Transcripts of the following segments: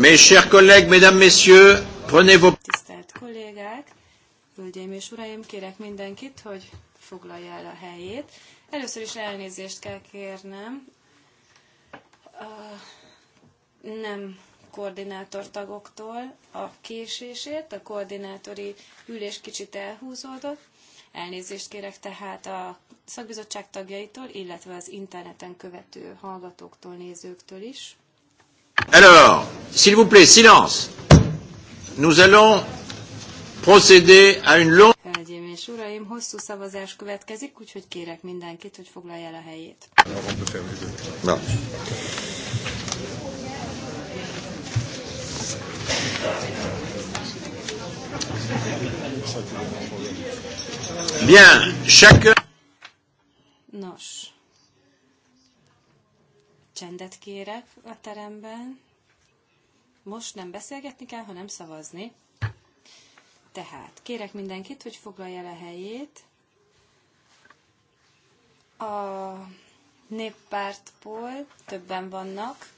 Mes chers collègues, mesdames, messieurs, prenez vos... Tisztelt kollégák, hölgyeim és uraim, kérek mindenkit, hogy foglalja el a helyét. Először is elnézést kell kérnem. A nem koordinátor tagoktól a késésért, a koordinátori ülés kicsit elhúzódott. Elnézést kérek tehát a szakbizottság tagjaitól, illetve az interneten követő hallgatóktól, nézőktől is. Alors, s'il vous plaît, silence. Nous allons procéder à une longue... uraim, hosszú szavazás következik, úgyhogy kérek mindenkit, hogy foglalja el a helyét. Na. Bien, chacun... Nos, csendet kérek a teremben. Most nem beszélgetni kell, hanem szavazni. Tehát kérek mindenkit, hogy foglalja el a helyét. A néppártból többen vannak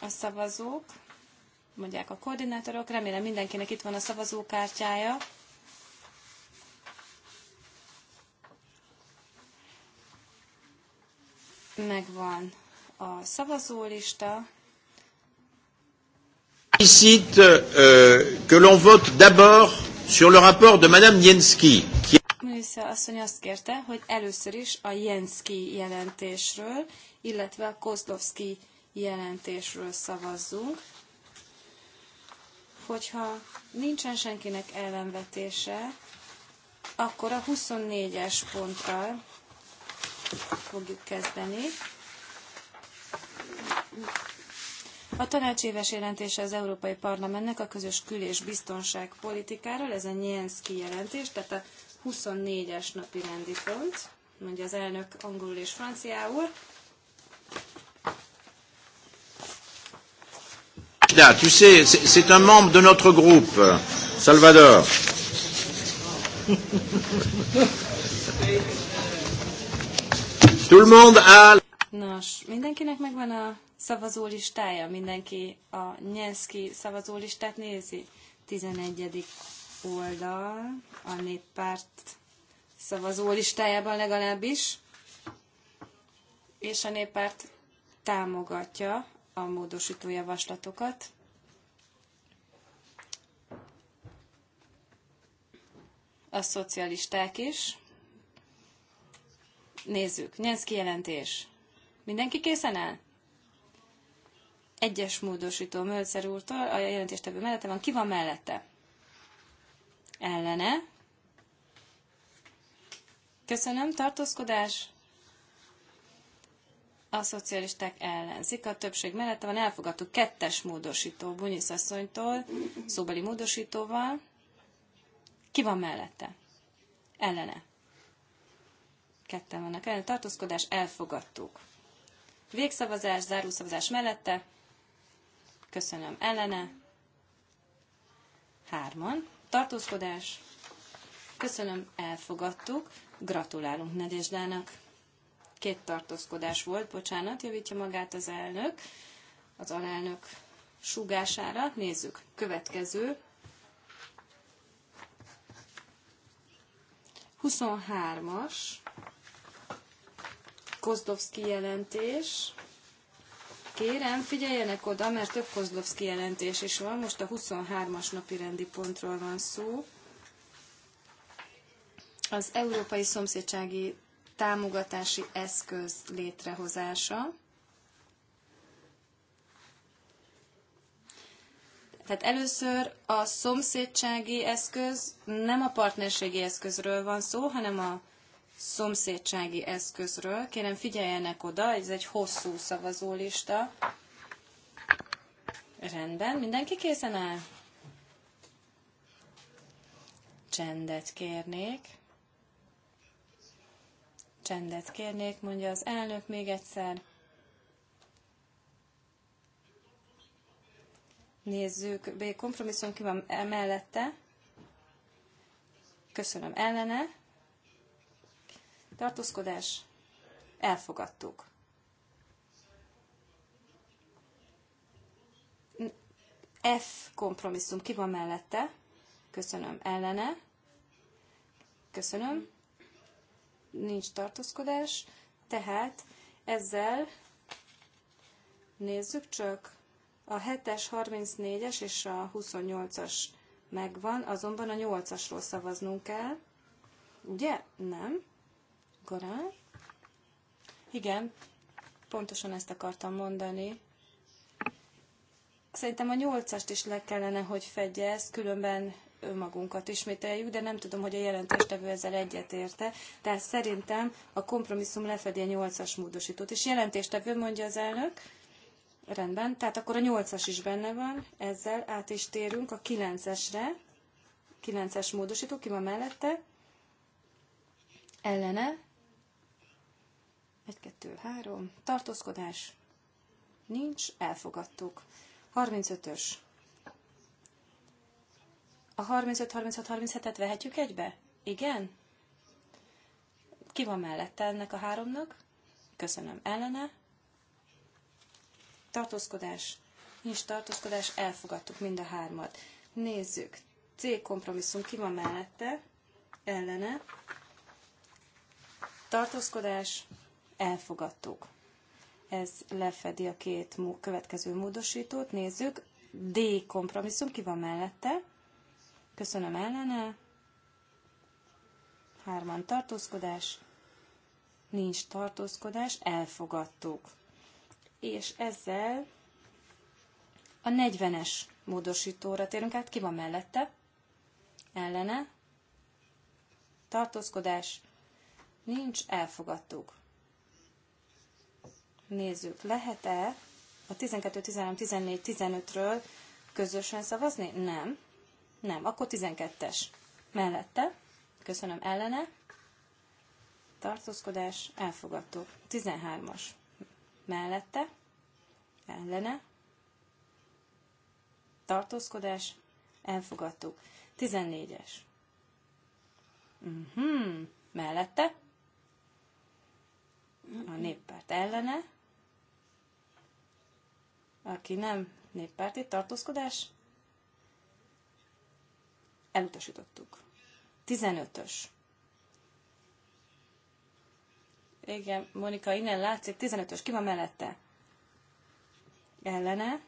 a szavazók, mondják a koordinátorok. Remélem mindenkinek itt van a szavazókártyája. Megvan a szavazólista, Félicite euh, que l'on vote d'abord sur le rapport de Madame Jenski. Qui... Műsza asszony azt kérte, hogy először is a Jenski jelentésről, illetve a Kozlovski jelentésről szavazzunk. Hogyha nincsen senkinek ellenvetése, akkor a 24-es ponttal fogjuk kezdeni. A tanács éves jelentése az Európai Parlamentnek a közös kül- és biztonságpolitikáról, ez a Nyenszki jelentés, tehát a 24-es napi rendi pont, mondja az elnök angolul és franciául. Là, tu sais, c'est un membre de notre groupe, Salvador. Tout le monde a... Nos, mindenkinek megvan a szavazólistája. Mindenki a Nyenszki szavazólistát nézi. 11. oldal a néppárt szavazólistájában legalábbis. És a néppárt támogatja a módosító javaslatokat. A szocialisták is. Nézzük, Nyenszki jelentés. Mindenki készen áll? Egyes módosító Mölcer úrtól, a jelentéstevő mellette van, ki van mellette? Ellene. Köszönöm, tartózkodás. A szocialisták ellen. a többség mellette van, elfogadtuk kettes módosító Bunyisz asszonytól, szóbeli módosítóval. Ki van mellette? Ellene. Ketten vannak ellen, tartózkodás, elfogadtuk. Végszavazás, zárószavazás mellette. Köszönöm. Ellene. Hárman. Tartózkodás. Köszönöm, elfogadtuk. Gratulálunk Nedésdának. Két tartózkodás volt, bocsánat, javítja magát az elnök, az alelnök sugására. Nézzük, következő. 23-as Kozdovszki jelentés. Kérem, figyeljenek oda, mert több Kozlovszki jelentés is van. Most a 23-as napi rendi pontról van szó. Az Európai Szomszédsági Támogatási Eszköz létrehozása. Tehát először a szomszédsági eszköz, nem a partnerségi eszközről van szó, hanem a szomszédsági eszközről. Kérem figyeljenek oda, ez egy hosszú szavazólista. Rendben, mindenki készen áll? Csendet kérnék. Csendet kérnék, mondja az elnök még egyszer. Nézzük, B kompromisszum ki van mellette. Köszönöm ellene tartózkodás, elfogadtuk. F kompromisszum, ki van mellette? Köszönöm, ellene. Köszönöm. Nincs tartózkodás, tehát ezzel nézzük csak. A 7-es, 34-es és a 28-as megvan, azonban a 8-asról szavaznunk kell. Ugye? Nem. Korán? Igen, pontosan ezt akartam mondani. Szerintem a nyolcast is le kellene, hogy ezt. különben önmagunkat ismételjük, de nem tudom, hogy a jelentéstevő ezzel egyetérte. Tehát szerintem a kompromisszum lefedi a nyolcas módosítót. És jelentéstevő mondja az elnök, rendben, tehát akkor a nyolcas is benne van, ezzel át is térünk a kilencesre, kilences módosító, ki van mellette, ellene, 1, 2, 3. Tartózkodás. Nincs. Elfogadtuk. 35-ös. A 35, 36, 37-et vehetjük egybe? Igen? Ki van mellette ennek a háromnak? Köszönöm. Ellene? Tartózkodás. Nincs tartózkodás, elfogadtuk mind a hármat. Nézzük. C kompromisszum ki van mellette? Ellene? Tartózkodás elfogadtuk. Ez lefedi a két következő módosítót. Nézzük. D kompromisszum, ki van mellette? Köszönöm ellene. Hárman tartózkodás. Nincs tartózkodás, elfogadtuk. És ezzel a 40-es módosítóra térünk át. Ki van mellette? Ellene. Tartózkodás. Nincs, elfogadtuk nézzük, lehet-e a 12, 13, 14, 15-ről közösen szavazni? Nem. Nem. Akkor 12-es. Mellette. Köszönöm. Ellene. Tartózkodás. Elfogadtuk. 13-as. Mellette. Ellene. Tartózkodás. Elfogadtuk. 14-es. Uh-huh. Mhm. Mellette. A néppárt ellene aki nem néppárti tartózkodás, elutasítottuk. 15-ös. Igen, Monika, innen látszik, 15-ös, ki van mellette? Ellene,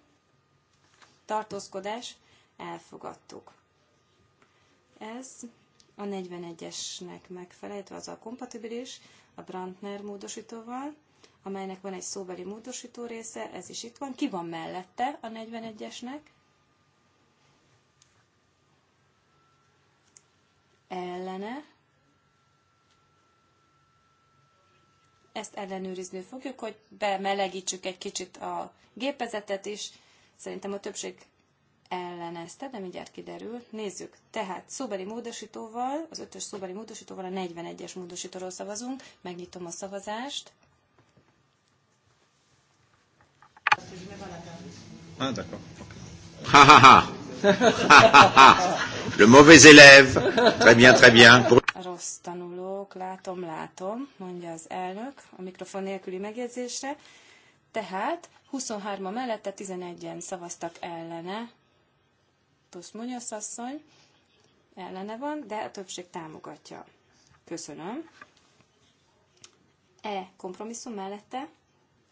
tartózkodás, elfogadtuk. Ez a 41-esnek megfelelhető, az a kompatibilis, a Brandner módosítóval amelynek van egy szóbeli módosító része, ez is itt van. Ki van mellette a 41-esnek? Ellene. Ezt ellenőrizni fogjuk, hogy bemelegítsük egy kicsit a gépezetet is. Szerintem a többség ellenezte, de mindjárt kiderül. Nézzük. Tehát szóbeli módosítóval, az ötös szóbeli módosítóval a 41-es módosítóról szavazunk. Megnyitom a szavazást. Ah, Le mauvais élève. Très bien, très bien. Pour... Rossz tanulók, látom, látom, mondja az elnök a mikrofon nélküli megjegyzésre. Tehát 23-a mellette 11-en szavaztak ellene. Tusz Munyosz asszony ellene van, de a többség támogatja. Köszönöm. E kompromisszum mellette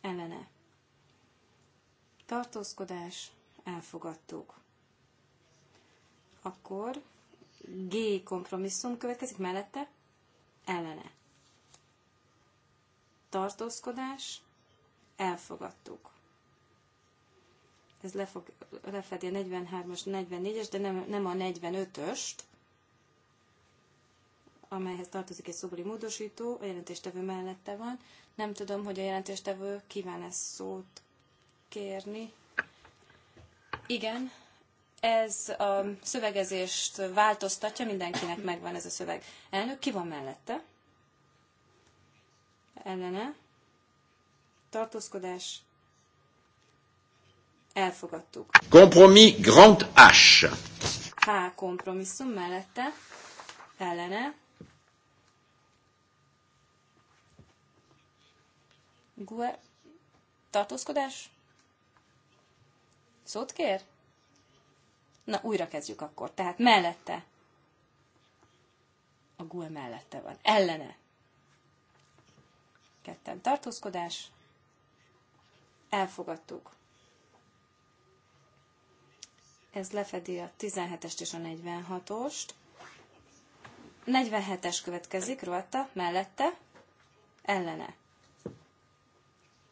ellene tartózkodás, elfogadtuk. Akkor G kompromisszum következik mellette, ellene. Tartózkodás, elfogadtuk. Ez lefog, lefedi a 43-as, 44-es, de nem, nem a 45-öst, amelyhez tartozik egy szobori módosító, a jelentéstevő mellette van. Nem tudom, hogy a jelentéstevő kíván ezt szót kérni. Igen, ez a szövegezést változtatja, mindenkinek megvan ez a szöveg. Elnök, ki van mellette? Ellene? Tartózkodás? Elfogadtuk. Kompromis Grand H. H kompromisszum mellette? Ellene? Gue? Tartózkodás? Szót kér? Na, újra kezdjük akkor. Tehát mellette. A gul mellette van. Ellene. Ketten tartózkodás. Elfogadtuk. Ez lefedi a 17-est és a 46-ost. 47-es következik, rovatta, mellette, ellene.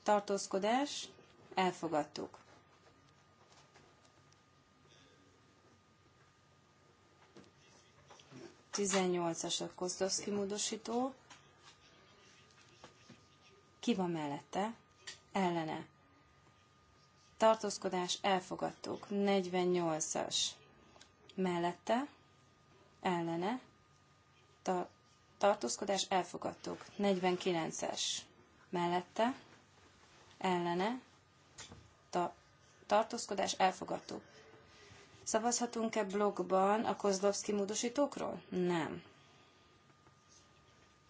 Tartózkodás, elfogadtuk. 18-as a Kozdowski módosító. Ki van mellette? Ellene. Tartózkodás elfogadtuk. 48-as. Mellette. Ellene. Ta- tartózkodás elfogadtuk. 49-es. Mellette. Ellene. Ta- tartózkodás elfogadtuk. Szavazhatunk-e blogban a Kozlovszki módosítókról? Nem.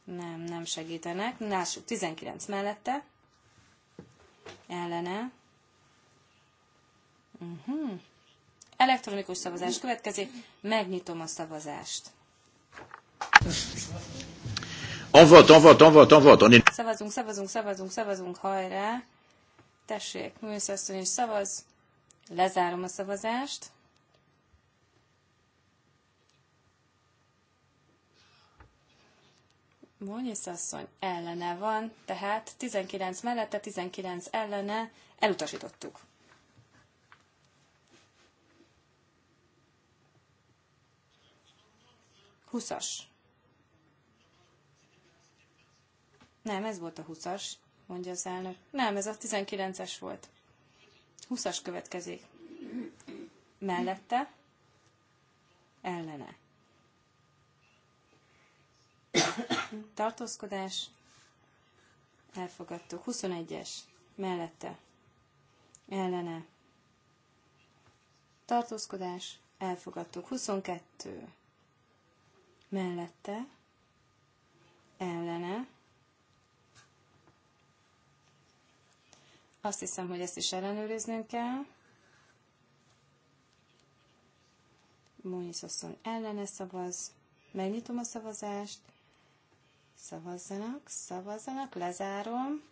Nem, nem segítenek. Lássuk, 19 mellette. Ellene. Uh-huh. Elektronikus szavazás következik. Megnyitom a szavazást. On avat, on avat. on on On Szavazunk, szavazunk, szavazunk, szavazunk, hajrá. Tessék, műszerszön is szavaz. Lezárom a szavazást. Mónyisz asszony ellene van, tehát 19 mellette, 19 ellene elutasítottuk. Huszas. Nem, ez volt a 20-as, mondja az elnök. Nem, ez a 19-es volt. 20-as következik. Mellette, ellene tartózkodás, elfogadtuk. 21-es, mellette, ellene, tartózkodás, elfogadtuk. 22, mellette, ellene, Azt hiszem, hogy ezt is ellenőriznünk kell. Mónyisz asszony ellene szavaz. Megnyitom a szavazást. Szavazzanak, szavazzanak, lezárom.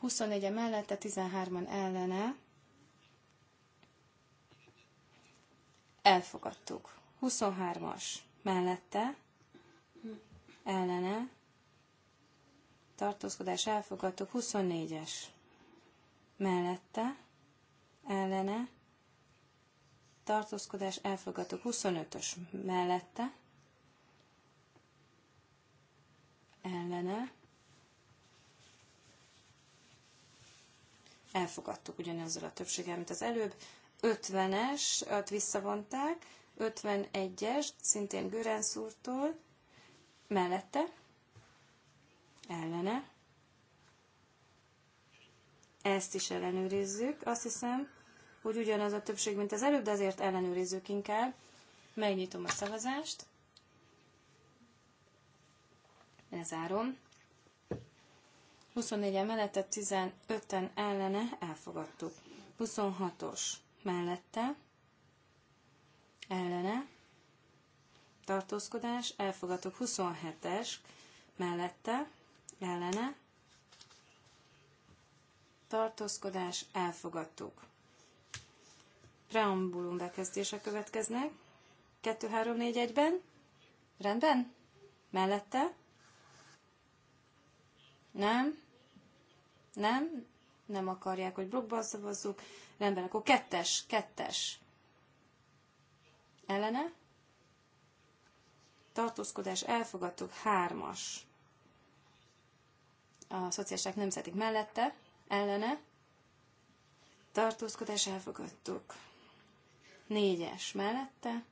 24 mellette, 13-an ellene. Elfogadtuk. 23-as mellette, ellene. Tartózkodás elfogadtuk. 24-es mellette, ellene. Tartózkodás elfogadtuk. 25-ös mellette, ellene. Elfogadtuk ugyanazzal a többséggel, mint az előbb. 50-es, visszavonták, 51-es, szintén Görenszúrtól, mellette, ellene. Ezt is ellenőrizzük. Azt hiszem, hogy ugyanaz a többség, mint az előbb, de azért ellenőrizzük inkább. Megnyitom a szavazást. Lezárom. 24 mellette, 15-en ellene elfogadtuk. 26-os mellette, ellene, tartózkodás, elfogadtuk. 27-es mellette, ellene, tartózkodás, elfogadtuk. Preambulum bekezdése következnek. 2-3-4-1-ben. Rendben? Mellette? Nem? Nem? Nem akarják, hogy blokkban szavazzuk. Rendben, akkor kettes, kettes. Ellene? Tartózkodás, elfogadtuk, hármas. A szociálisták nem szedik mellette, ellene. Tartózkodás, elfogadtuk. Négyes mellette,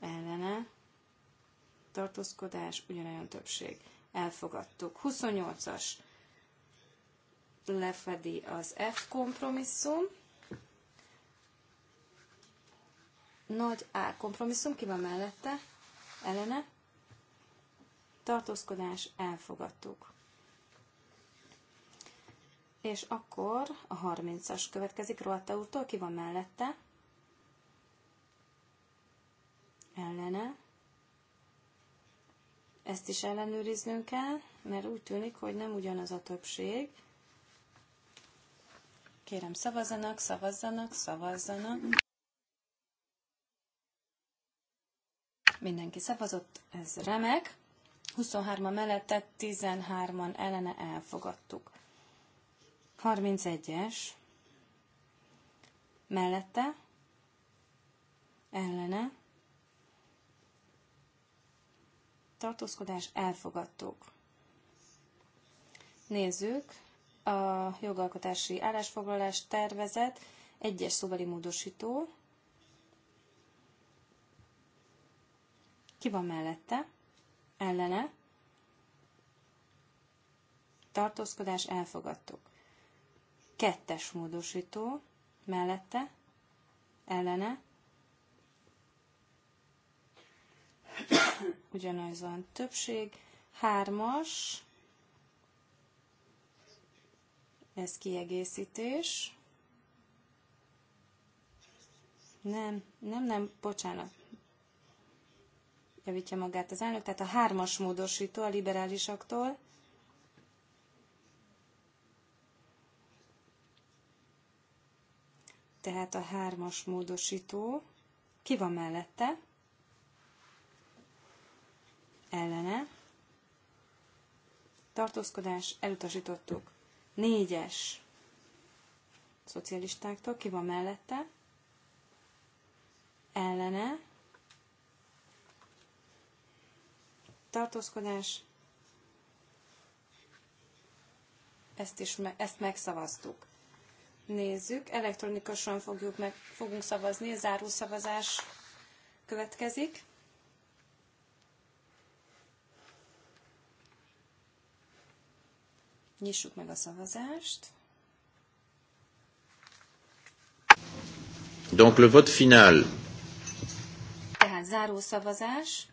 ellene. Tartózkodás, ugyanolyan többség elfogadtuk. 28-as lefedi az F kompromisszum, nagy A kompromisszum, ki van mellette, ellene, tartózkodás, elfogadtuk. És akkor a 30-as következik Roatta úrtól, ki van mellette, ellene, ezt is ellenőriznünk kell, mert úgy tűnik, hogy nem ugyanaz a többség. Kérem, szavazzanak, szavazzanak, szavazzanak. Mindenki szavazott, ez remek. 23-a mellette, 13-an ellene elfogadtuk. 31-es mellette, ellene, tartózkodás elfogadtuk. Nézzük a jogalkotási állásfoglalás tervezet, egyes szóbeli módosító. Ki van mellette? Ellene? Tartózkodás elfogadtuk. Kettes módosító mellette? Ellene? ugyanaz van többség. Hármas, ez kiegészítés. Nem, nem, nem, bocsánat. Javítja magát az elnök, tehát a hármas módosító a liberálisaktól. Tehát a hármas módosító. Ki van mellette? ellene, tartózkodás, elutasítottuk. Négyes szocialistáktól, ki van mellette, ellene, tartózkodás, ezt is me- ezt megszavaztuk. Nézzük, elektronikusan fogjuk meg, fogunk szavazni, a zárószavazás következik. Nyissuk meg a szavazást. Donc le vote final. Tehát záró szavazás.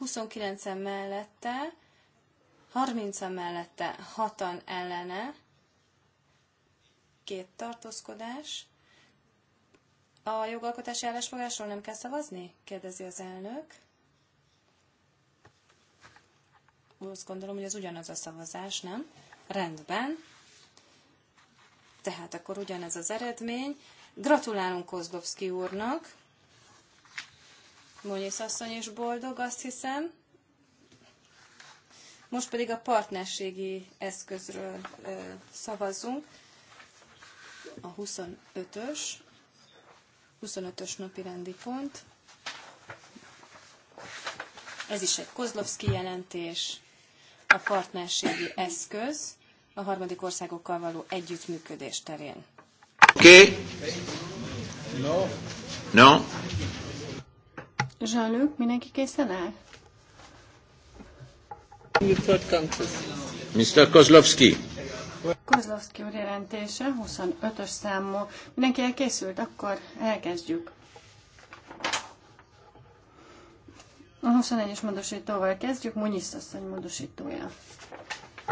29-en mellette, 30-en mellette, 6-an ellene, két tartózkodás. A jogalkotási állásfogásról nem kell szavazni? kérdezi az elnök. azt gondolom, hogy ez ugyanaz a szavazás, nem? Rendben. Tehát akkor ugyanez az eredmény. Gratulálunk Kozlovszki úrnak. Monyész asszony is boldog, azt hiszem. Most pedig a partnerségi eszközről ö, szavazzunk. A 25-ös, 25-ös napi rendi pont. Ez is egy Kozlovszki jelentés a partnerségi eszköz a harmadik országokkal való együttműködés terén. Oké? Okay. No. No. Jean-Luc, mindenki készen áll? Mr. Kozlovski. Kozlovski úr jelentése, 25-ös számú. Mindenki elkészült, akkor elkezdjük. A 21-es módosítóval kezdjük, Munyisz asszony módosítója.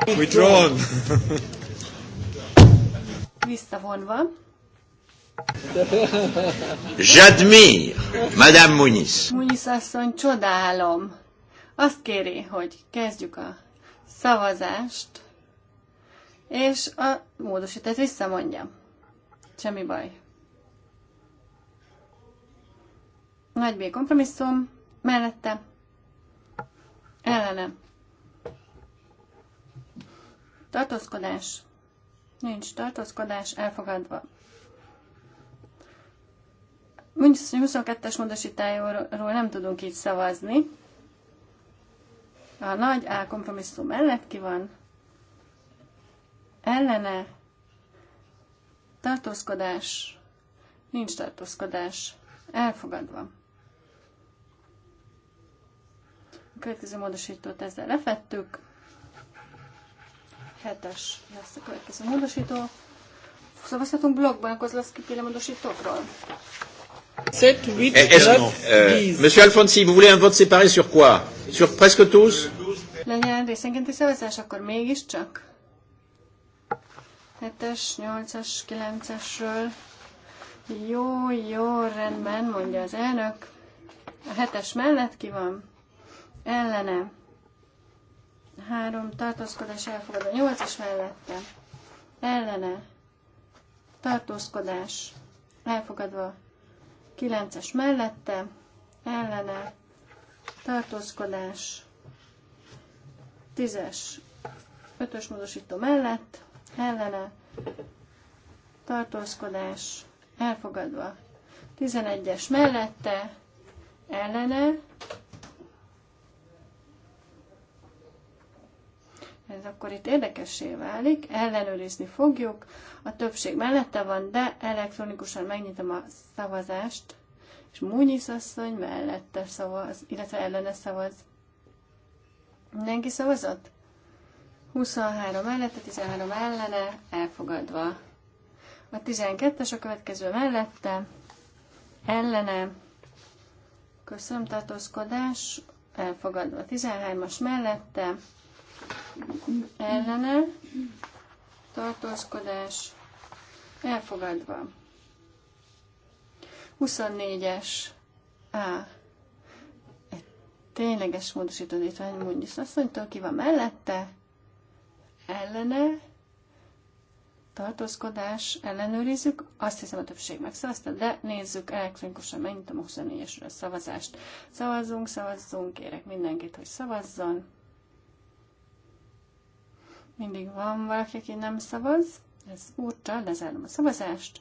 Withdrawn! Visszavonva. J'admire Madame Muniz. Muniz asszony, csodálom. Azt kéri, hogy kezdjük a szavazást, és a módosítást visszamondja. Semmi baj. Nagy B kompromisszum mellette, ellene, tartózkodás, nincs tartózkodás, elfogadva. hogy 22-es módosítájáról nem tudunk így szavazni. A nagy A kompromisszum mellett ki van, ellene, tartózkodás, nincs tartózkodás, elfogadva. A következő módosítót ezzel lefettük. 7-es lesz a következő módosító. Szavazhatunk blogban akkor lesz ki féle módosítókról. 7, 8, eh, eh, eh, Monsieur Alfonsi, vous voulez un vote séparé sur quoi Sur presque tous Legyen részenkénti szavazás, akkor mégiscsak. 7-es, 8-as, 9-esről. Jó, jó, rendben, mondja az elnök. A hetes mellett ki van? ellene, három tartózkodás elfogadva, nyolcas mellette, ellene, tartózkodás elfogadva, kilences mellette, ellene, tartózkodás, tízes, ötös módosító mellett, ellene, tartózkodás, elfogadva, tizenegyes mellette, ellene, ez akkor itt érdekessé válik, ellenőrizni fogjuk, a többség mellette van, de elektronikusan megnyitom a szavazást, és Múnyisz asszony mellette szavaz, illetve ellene szavaz. Mindenki szavazott? 23 mellette, 13 ellene, elfogadva. A 12-es a következő mellette, ellene, köszöntartózkodás, elfogadva. 13-as mellette, ellene tartózkodás elfogadva. 24-es A. Egy tényleges módosítódítvány mondjuk asszonytól ki van mellette, ellene tartózkodás ellenőrizzük. Azt hiszem a többség megszavazta, de nézzük elektronikusan, megnyitom a 24-esre a szavazást. Szavazzunk, szavazzunk, kérek mindenkit, hogy szavazzon. Mindig van valaki, aki nem szavaz. Ez úrtal lezárom a szavazást.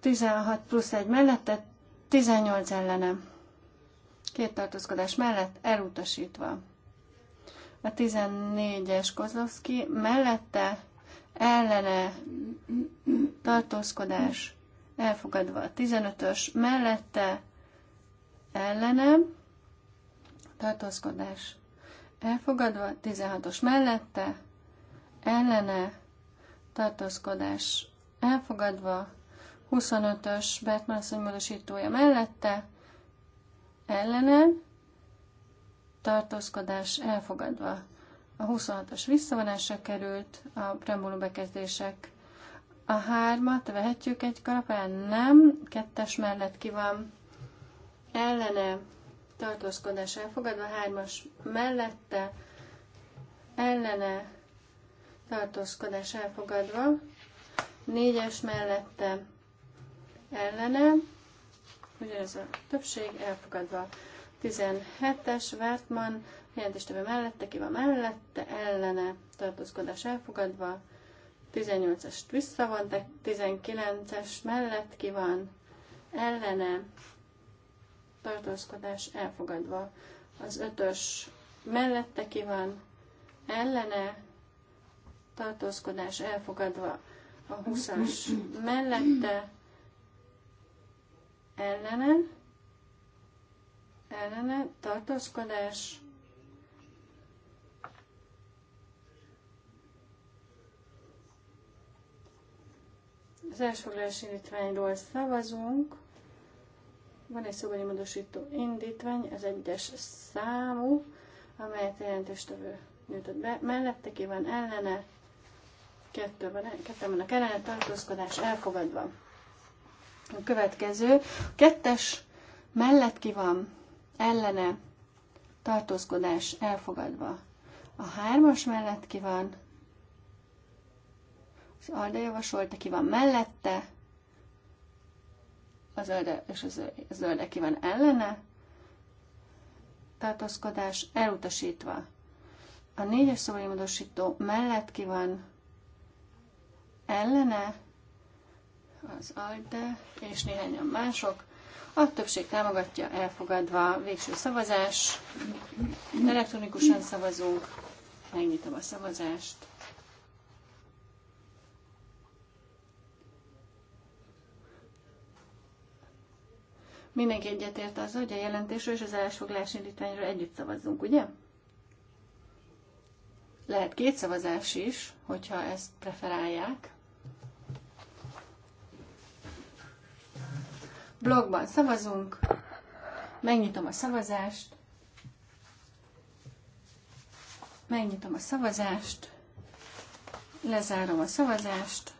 16 plusz egy mellette, 18 ellene. Két tartózkodás mellett elutasítva. A 14-es Kozlovszki mellette ellene tartózkodás elfogadva. A 15-ös mellette ellenem tartózkodás elfogadva, 16-os mellette, ellene, tartózkodás elfogadva, 25-ös Bertmanszony módosítója mellette, ellene, tartózkodás elfogadva. A 26-os visszavonásra került, a preambulum bekezdések a hármat vehetjük egy kalapán? Nem, kettes mellett ki van. Ellene tartózkodás elfogadva, hármas mellette, ellene, tartózkodás elfogadva, négyes mellette, ellene, ugyanez a többség elfogadva, 17-es Wertmann, jelentéstevő mellette, ki van mellette, ellene, tartózkodás elfogadva, 18-est visszavonták, 19-es mellett ki van, ellene, tartózkodás elfogadva. Az ötös mellette ki van, ellene, tartózkodás elfogadva. A huszas mellette, ellene, ellene, tartózkodás, Az elsfoglalási indítványról szavazunk. Van egy szobani módosító indítvány, ez egyes számú, amelyet jelentéstevő nyújtott be. Mellette ki van ellene, kettő van, van a kellene, tartózkodás elfogadva. A következő, kettes mellett ki van, ellene, tartózkodás elfogadva. A hármas mellett ki van, az Alda javasolta, ki van mellette, a zölde és a zölde ki van ellene, tartózkodás elutasítva. A négyes szobai módosító mellett ki van ellene, az ALDE és néhányan mások. A többség támogatja, elfogadva végső szavazás. Elektronikusan szavazunk. Megnyitom a szavazást. Mindenki egyetért az, hogy a jelentésről és az állásfoglalás indítványról együtt szavazzunk, ugye? Lehet két szavazás is, hogyha ezt preferálják. Blogban szavazunk. Megnyitom a szavazást. Megnyitom a szavazást. Lezárom a szavazást.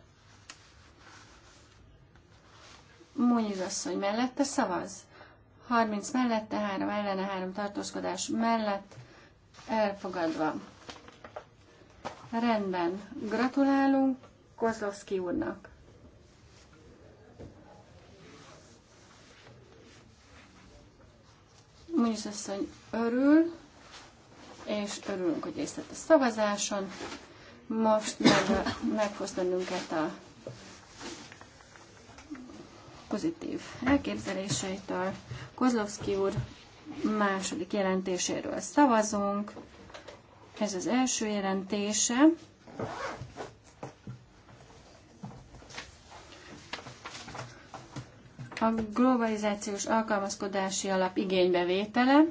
Múnyiz asszony mellette szavaz. 30 mellette, 3 ellene, 3 tartózkodás mellett elfogadva. Rendben. Gratulálunk Kozlovszki úrnak. Múnyiz asszony örül, és örülünk, hogy részt vett a szavazáson. Most meg, meghoz bennünket a pozitív elképzeléseitől. Kozlovszki úr második jelentéséről szavazunk. Ez az első jelentése. A globalizációs alkalmazkodási alap igénybevétele,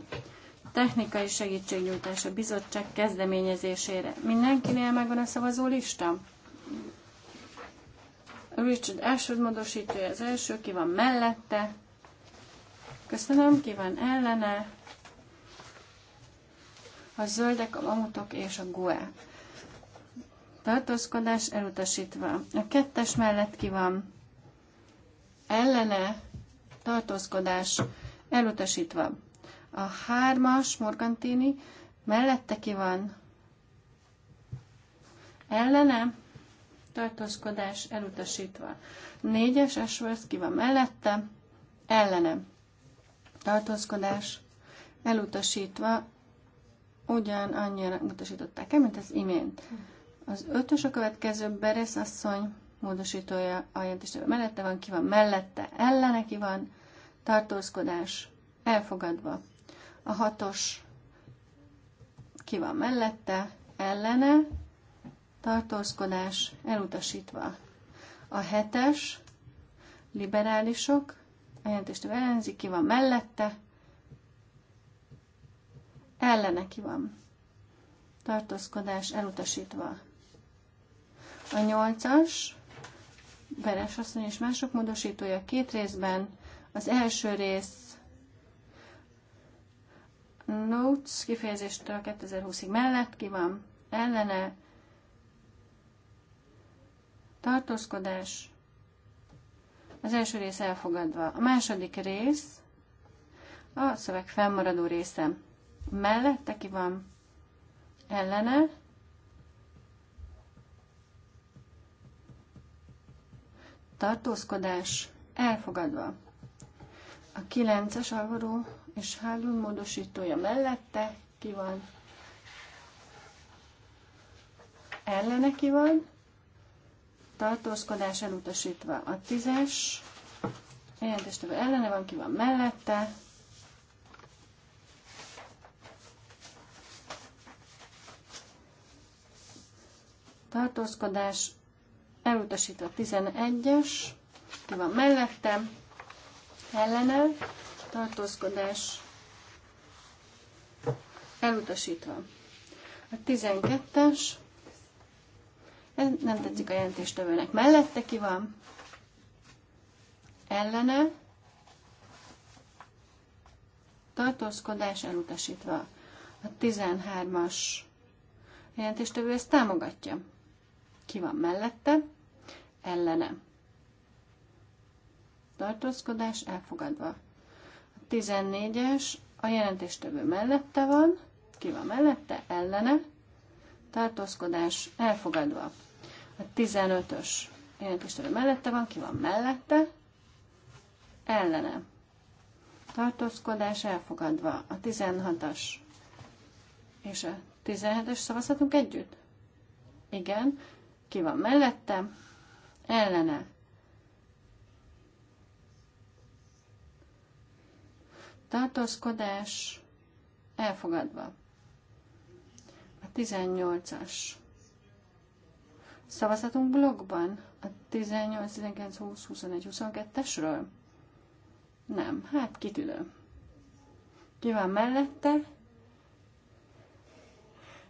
technikai segítségnyújtás a bizottság kezdeményezésére. Mindenkinél megvan a szavazó lista? Richard Ashford módosítója az első, ki van mellette. Köszönöm, ki van ellene. A zöldek, a mamutok és a gue. Tartózkodás elutasítva. A kettes mellett ki van ellene. Tartózkodás elutasítva. A hármas, Morgantini, mellette ki van ellene tartózkodás elutasítva. Négyes Ashworth ki van mellette, ellenem tartózkodás elutasítva, annyira utasították el, mint az imént. Az ötös a következő Beres asszony módosítója a jelentésében mellette van, ki van mellette, ellene ki van, tartózkodás elfogadva. A hatos ki van mellette, ellene, tartózkodás elutasítva. A hetes, liberálisok, a jelentést ellenzi, ki van mellette, ellene ki van. Tartózkodás elutasítva. A nyolcas, Beres asszony és mások módosítója két részben. Az első rész Notes kifejezéstől 2020-ig mellett ki van, ellene tartózkodás, az első rész elfogadva. A második rész a szöveg fennmaradó része. Mellette ki van ellene, tartózkodás elfogadva. A kilences alvaró és hálón módosítója mellette ki van, ellene ki van, tartózkodás elutasítva a tízes, jelentéstevő ellene van, ki van mellette, tartózkodás elutasítva a tizenegyes. ki van mellettem, ellene, tartózkodás elutasítva. A tizenkettes nem tetszik a jelentéstevőnek. Mellette ki van? Ellene? Tartózkodás elutasítva. A 13-as jelentéstevő ezt támogatja. Ki van mellette? Ellene. Tartózkodás elfogadva. A 14-es a jelentéstevő mellette van. Ki van mellette? Ellene tartózkodás elfogadva. A 15-ös jelentéstől mellette van, ki van mellette, ellene. Tartózkodás elfogadva. A 16-as és a 17-es szavazhatunk együtt? Igen. Ki van mellette? Ellene. Tartózkodás elfogadva. 18-as. Szavazhatunk blogban a 18, 19, 20, 21, 22-esről? Nem, hát kitűnő. Ki van mellette?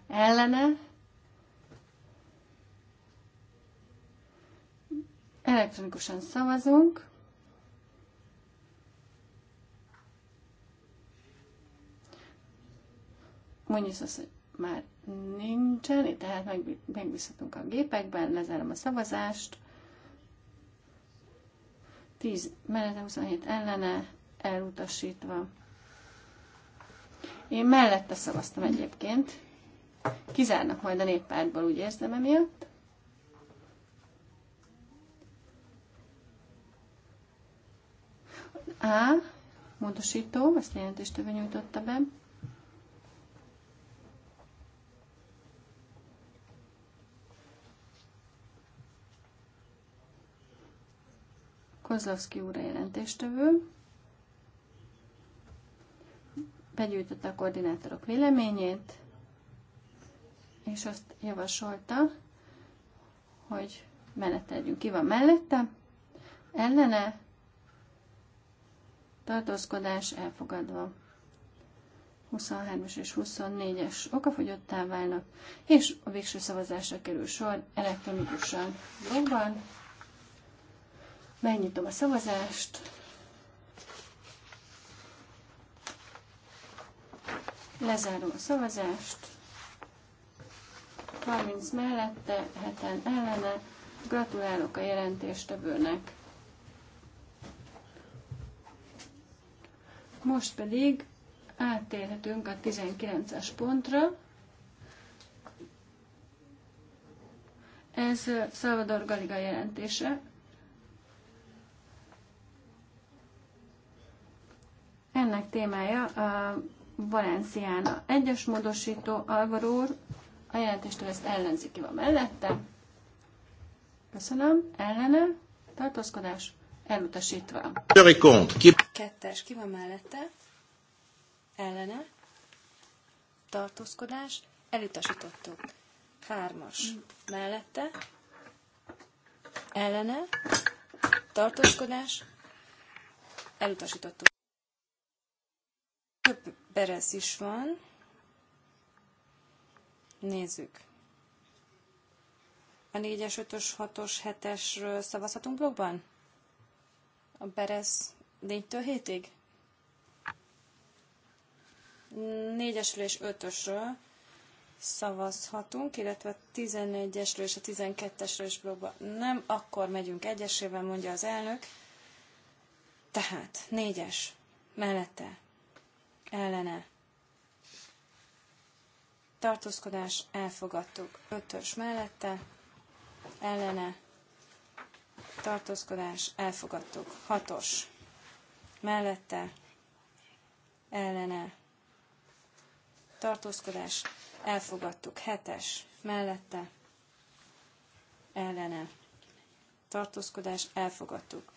Ellene? Elektronikusan szavazunk. Mondjuk azt, hogy már nincsen, itt tehát meg, megbízhatunk a gépekben, lezárom a szavazást. 10 mellette 27 ellene elutasítva. Én mellette szavaztam egyébként. Kizárnak majd a néppártból, úgy érzem emiatt. A módosító, ezt jelentéstövő nyújtotta be. Kozlovszki úr a jelentéstövő. Begyűjtötte a koordinátorok véleményét, és azt javasolta, hogy meneteljünk. Ki van mellette? Ellene? Tartózkodás elfogadva. 23-as és 24-es okafogyottá válnak, és a végső szavazásra kerül sor elektronikusan blogban. Megnyitom a szavazást. Lezárom a szavazást. 30 mellette, 7 ellene. Gratulálok a jelentéstevőnek. Most pedig áttérhetünk a 19-es pontra. Ez Salvador Galiga jelentése, Ennek témája a Valenciána. Egyes módosító Alvaro úr, a jelentéstől ezt ellenzi ki van mellette. Köszönöm. Ellene. Tartózkodás. Elutasítva. Kettes. Ki van mellette? Ellene. Tartózkodás. Elutasítottuk. Hármas. Mellette. Ellene. Tartózkodás. Elutasítottuk. Több berez is van. Nézzük. A 4-es, 5-ös, 6-os, 7-esről szavazhatunk blogban? A berez 4-től 7-ig? 4-esről és 5-ösről szavazhatunk, illetve 11-esről és a 12-esről is blogban nem, akkor megyünk egyesével, mondja az elnök. Tehát 4-es mellette ellene tartózkodás, elfogadtuk. Ötös mellette, ellene, tartózkodás, elfogadtuk. Hatos mellette, ellene, tartózkodás, elfogadtuk. Hetes mellette, ellene, tartózkodás, elfogadtuk.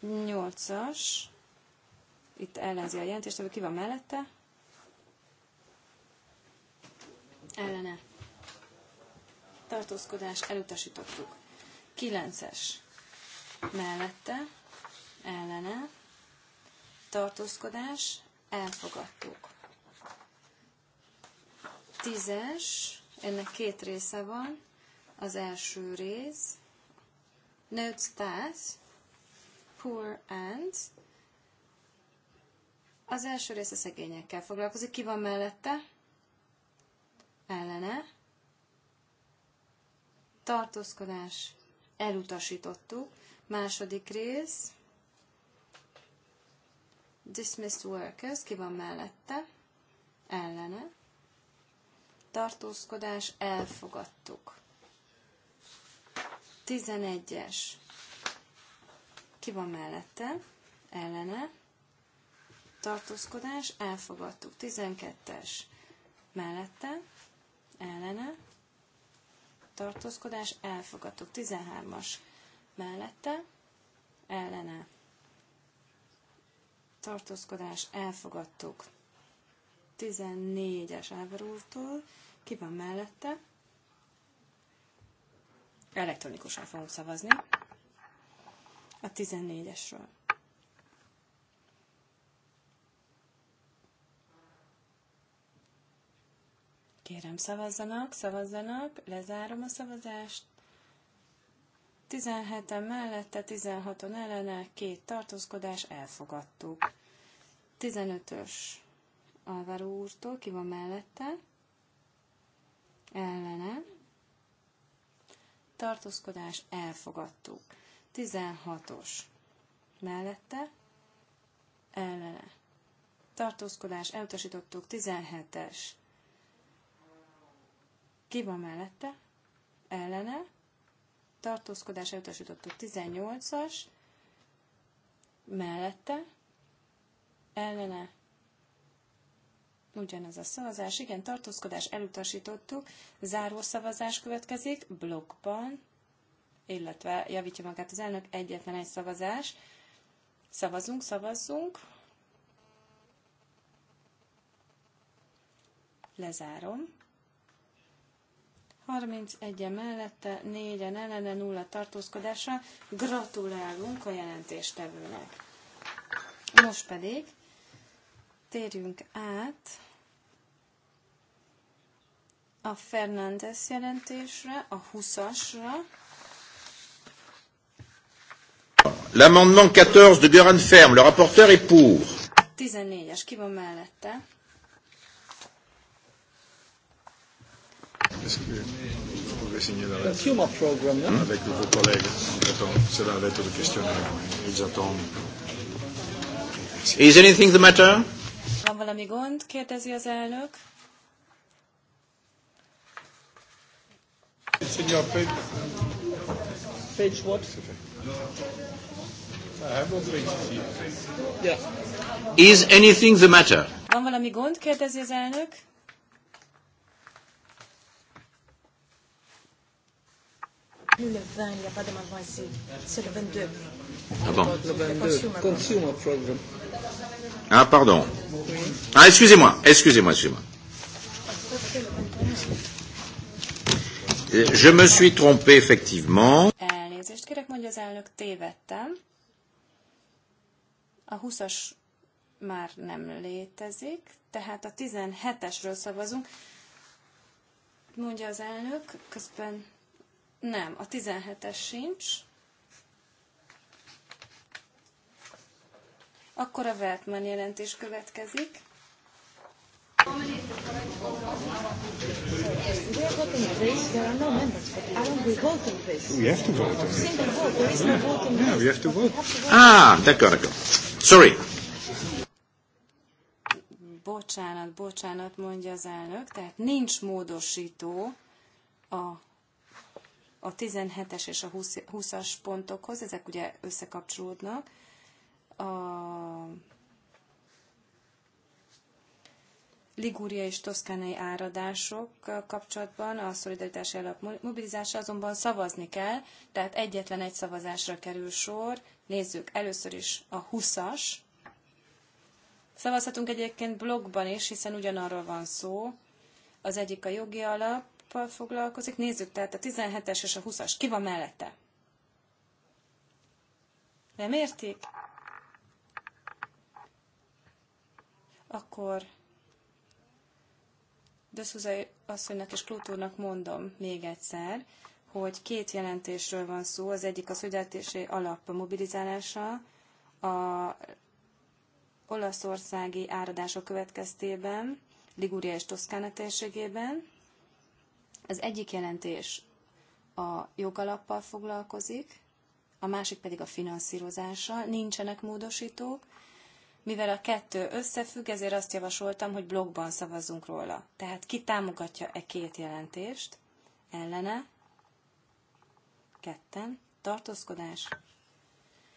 Nyolcas itt ellenzi a jelentést, akkor ki van mellette? Ellene. Tartózkodás, elutasítottuk. 9-es mellette, ellene, tartózkodás, elfogadtuk. 10-es, ennek két része van, az első rész, Notes that poor and az első rész a szegényekkel foglalkozik. Ki van mellette? Ellene. Tartózkodás. Elutasítottuk. Második rész. Dismissed workers. Ki van mellette? Ellene. Tartózkodás. Elfogadtuk. 11-es. Ki van mellette? Ellene tartózkodás, elfogadtuk. 12-es mellette, ellene, tartózkodás, elfogadtuk. 13-as mellette, ellene, tartózkodás, elfogadtuk. 14-es Áver ki van mellette? Elektronikusan fogunk szavazni a 14-esről. Kérem, szavazzanak, szavazzanak, lezárom a szavazást. 17-en mellette, 16-on ellene, két tartózkodás, elfogadtuk. 15-ös Alvaro úrtól, ki van mellette? Ellene. Tartózkodás, elfogadtuk. 16-os mellette, ellene. Tartózkodás, elutasítottuk. 17-es ki van mellette? Ellene. Tartózkodás elutasítottuk 18-as. Mellette. Ellene. Ugyanaz a szavazás. Igen, tartózkodás elutasítottuk. Záró szavazás következik blokkban, illetve javítja magát az elnök egyetlen egy szavazás. Szavazunk, szavazzunk. Lezárom. 31-e mellette, 4-en ellene, 0 tartózkodása. Gratulálunk a jelentéstevőnek. Most pedig térjünk át a Fernández jelentésre, a 20-asra. L'amendement 14 de Göran Ferme. le rapporteur est pour. 14-es, ki van mellette? Consumer program, no? Hmm? Avec vos collègues. J'attends. questionnaire. Ils attendent. Is anything the matter? Van valami gond? Kérdezi az elnök. Signor Page. Page what? I have no here. Yeah. Is anything the matter? Van valami gond? Kérdezi az elnök. plus le 20, il n'y a pas de Malvoisie. C'est le 22. Ah bon Ah, pardon. Ah, excusez-moi, excusez-moi, excusez-moi. Je me suis trompé, effectivement. Elnézést kérek, mondja az elnök, tévedtem. A 20-as már nem létezik, tehát a 17-esről szavazunk. Mondja az elnök, közben nem, a 17-es sincs. Akkor a Weltman jelentés következik. to Ah, Sorry. Bocsánat, bocsánat, mondja az elnök. Tehát nincs módosító a a 17-es és a 20-as pontokhoz, ezek ugye összekapcsolódnak. A Ligúria és toszkánai áradások kapcsolatban a szolidaritási alap mobilizása azonban szavazni kell, tehát egyetlen egy szavazásra kerül sor. Nézzük először is a 20-as. Szavazhatunk egyébként blogban is, hiszen ugyanarról van szó. Az egyik a jogi alap, val foglalkozik. Nézzük tehát a 17-es és a 20-as. Ki van mellette? Nem értik? Akkor Döszhuzai asszonynak és Klótúrnak mondom még egyszer, hogy két jelentésről van szó. Az egyik a születési alap mobilizálása, a olaszországi áradások következtében, Liguria és Toszkána térségében, az egyik jelentés a jogalappal foglalkozik, a másik pedig a finanszírozással. Nincsenek módosítók, mivel a kettő összefügg, ezért azt javasoltam, hogy blogban szavazzunk róla. Tehát ki támogatja e két jelentést? Ellene? Ketten. Tartózkodás?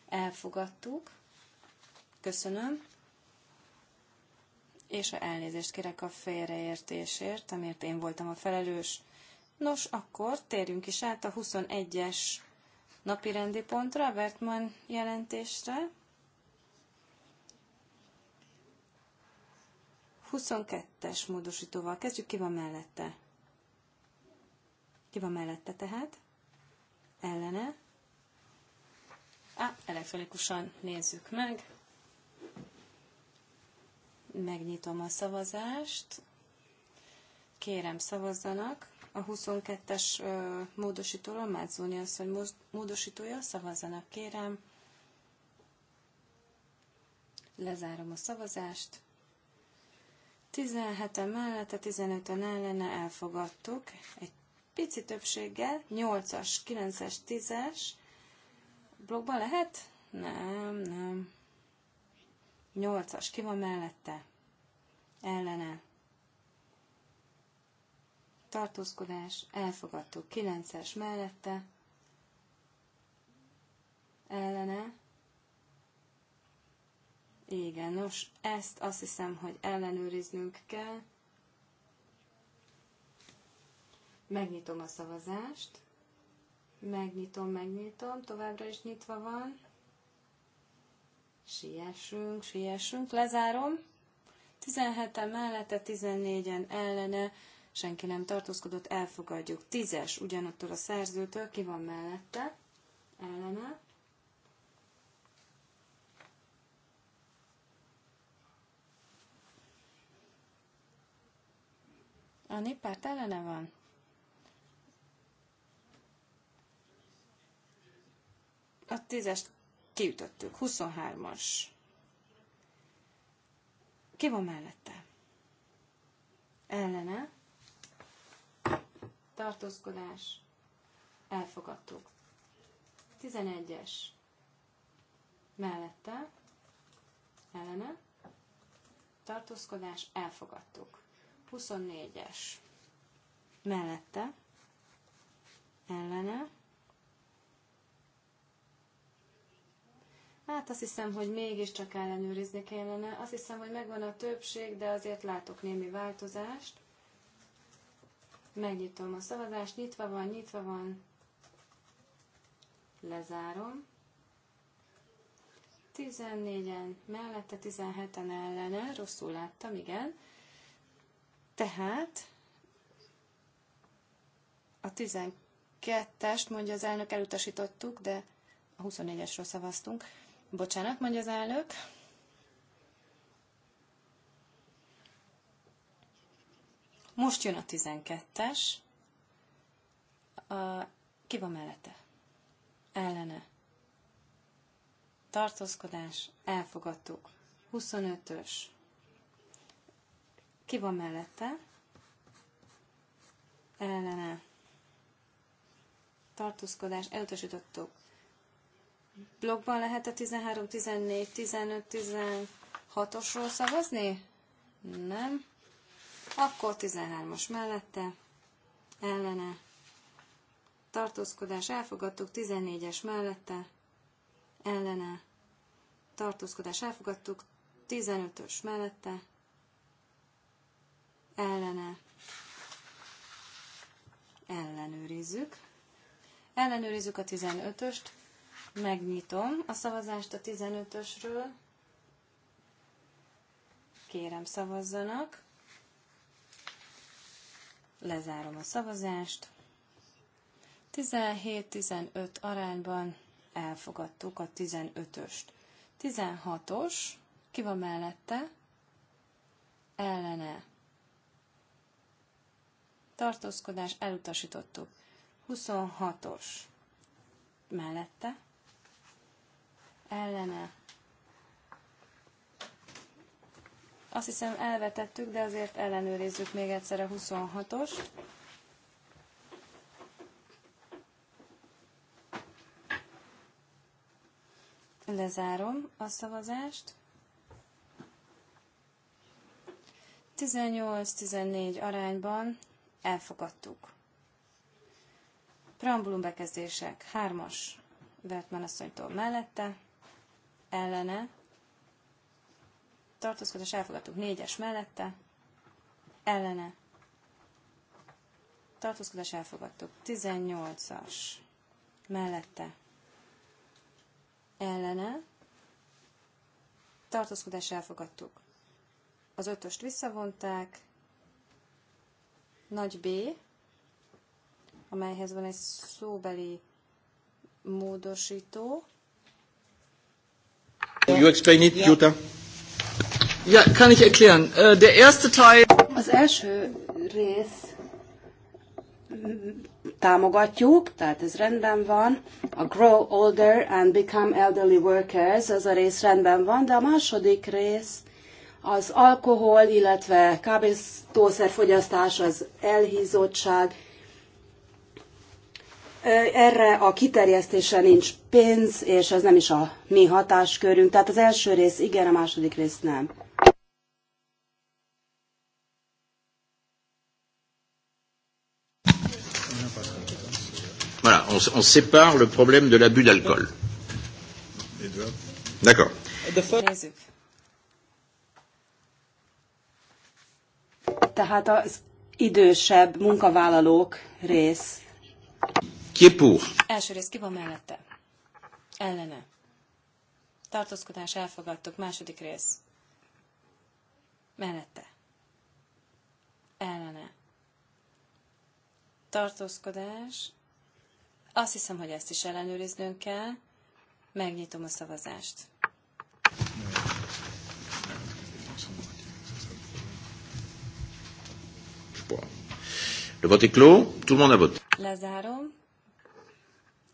Elfogadtuk. Köszönöm. És a elnézést kérek a félreértésért, amiért én voltam a felelős. Nos, akkor térjünk is át a 21-es napi rendi pontra, Bertman jelentésre. 22-es módosítóval kezdjük, ki van mellette? Ki van mellette tehát? Ellene. Á, elektronikusan nézzük meg. Megnyitom a szavazást. Kérem szavazzanak a 22-es módosítóról, Mádzóni asszony módosítója, szavazzanak kérem. Lezárom a szavazást. 17-en mellette, 15-en ellene elfogadtuk. Egy pici többséggel, 8-as, 9-es, 10-es. Blogban lehet? Nem, nem. 8-as, ki van mellette? Ellene tartózkodás, elfogadtó 9-es mellette, ellene, igen, nos, ezt azt hiszem, hogy ellenőriznünk kell. Megnyitom a szavazást. Megnyitom, megnyitom, továbbra is nyitva van. Siessünk, siessünk, lezárom. 17-en mellette, 14-en ellene, senki nem tartózkodott, elfogadjuk. Tízes ugyanattól a szerzőtől, ki van mellette, ellene. A néppárt ellene van? A tízest kiütöttük. 23-as. Ki van mellette? Ellene tartózkodás, elfogadtuk. 11-es mellette, ellene, tartózkodás, elfogadtuk. 24-es mellette, ellene, Hát azt hiszem, hogy mégiscsak ellenőrizni kellene. Azt hiszem, hogy megvan a többség, de azért látok némi változást. Megnyitom a szavazást, nyitva van, nyitva van. Lezárom. 14-en mellette, 17-en ellene, rosszul láttam, igen. Tehát a 12-est, mondja az elnök, elutasítottuk, de a 24-esről szavaztunk. Bocsánat, mondja az elnök. Most jön a 12-es. A, ki van mellette? Ellene. Tartózkodás. Elfogadtuk. 25-ös. Ki van mellette? Ellene. Tartózkodás. Elutasítottuk. Blogban lehet a 13, 14, 15, 16-osról szavazni? Nem. Akkor 13-as mellette, ellene, tartózkodás elfogadtuk, 14-es mellette, ellene, tartózkodás elfogadtuk, 15-ös mellette, ellene, ellenőrizzük. Ellenőrizzük a 15-öst, megnyitom a szavazást a 15-ösről, kérem szavazzanak. Lezárom a szavazást. 17-15 arányban elfogadtuk a 15-öst. 16-os, ki van mellette? Ellene. Tartózkodás elutasítottuk. 26-os mellette. Ellene Azt hiszem elvetettük, de azért ellenőrizzük még egyszer a 26-os. Lezárom a szavazást. 18-14 arányban elfogadtuk. Preambulum bekezdések. Hármas Vertman asszonytól mellette, ellene, tartózkodás elfogadtuk. Négyes mellette, ellene, tartózkodás elfogadtuk. 18-as mellette, ellene, tartózkodás elfogadtuk. Az ötöst visszavonták, nagy B, amelyhez van egy szóbeli módosító. You explain it, Jutta? Ja, kann ich erklären. Äh, der erste Teil... Az első rész mm, támogatjuk, tehát ez rendben van. A Grow Older and Become Elderly Workers, az a rész rendben van, de a második rész az alkohol, illetve kábítószerfogyasztás, az elhízottság, erre a kiterjesztése nincs pénz, és ez nem is a mi hatáskörünk. Tehát az első rész igen, a második rész nem. on, on sépare le problème de l'abus d'alcool. D'accord. Tehát az idősebb munkavállalók rész. Ki pour? Első rész ki van mellette? Ellene. Tartózkodás elfogadtuk. Második rész. Mellette. Ellene. Tartózkodás azt hiszem, hogy ezt is ellenőriznünk kell. Megnyitom a szavazást. Le vote clos. Tout le monde a voté. Lezárom.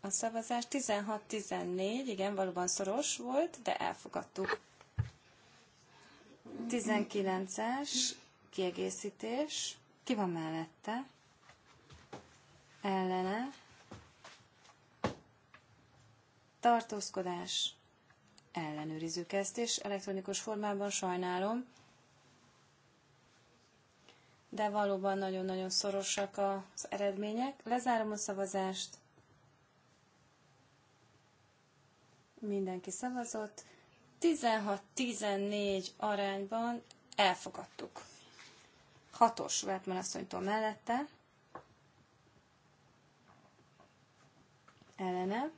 A szavazás 16-14, igen, valóban szoros volt, de elfogadtuk. 19-es kiegészítés. Ki van mellette? Ellene tartózkodás, ellenőriző kezdés elektronikus formában, sajnálom. De valóban nagyon-nagyon szorosak az eredmények. Lezárom a szavazást. Mindenki szavazott. 16-14 arányban elfogadtuk. Hatos Vertman asszonytól mellette. Ellene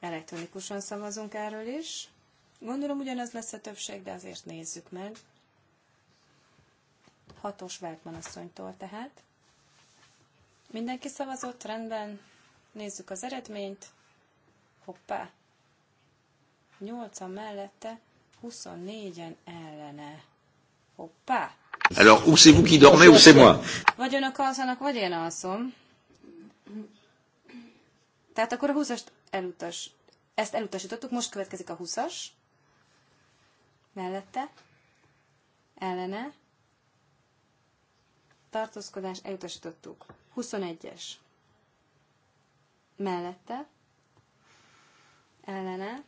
Elektronikusan szavazunk erről is. Gondolom ugyanaz lesz a többség, de azért nézzük meg. Hatos Vertman asszonytól tehát. Mindenki szavazott, rendben. Nézzük az eredményt. Hoppá! 8-an mellette, 24-en ellene. Hoppá! Alors, ou c'est vous qui dormez, ou c'est moi. Vagy önök alszanak, vagy én alszom. Tehát akkor a 20-ast elutas, ezt elutasítottuk, most következik a 20-as, mellette, ellene, tartózkodás, elutasítottuk. 21-es, mellette, ellene,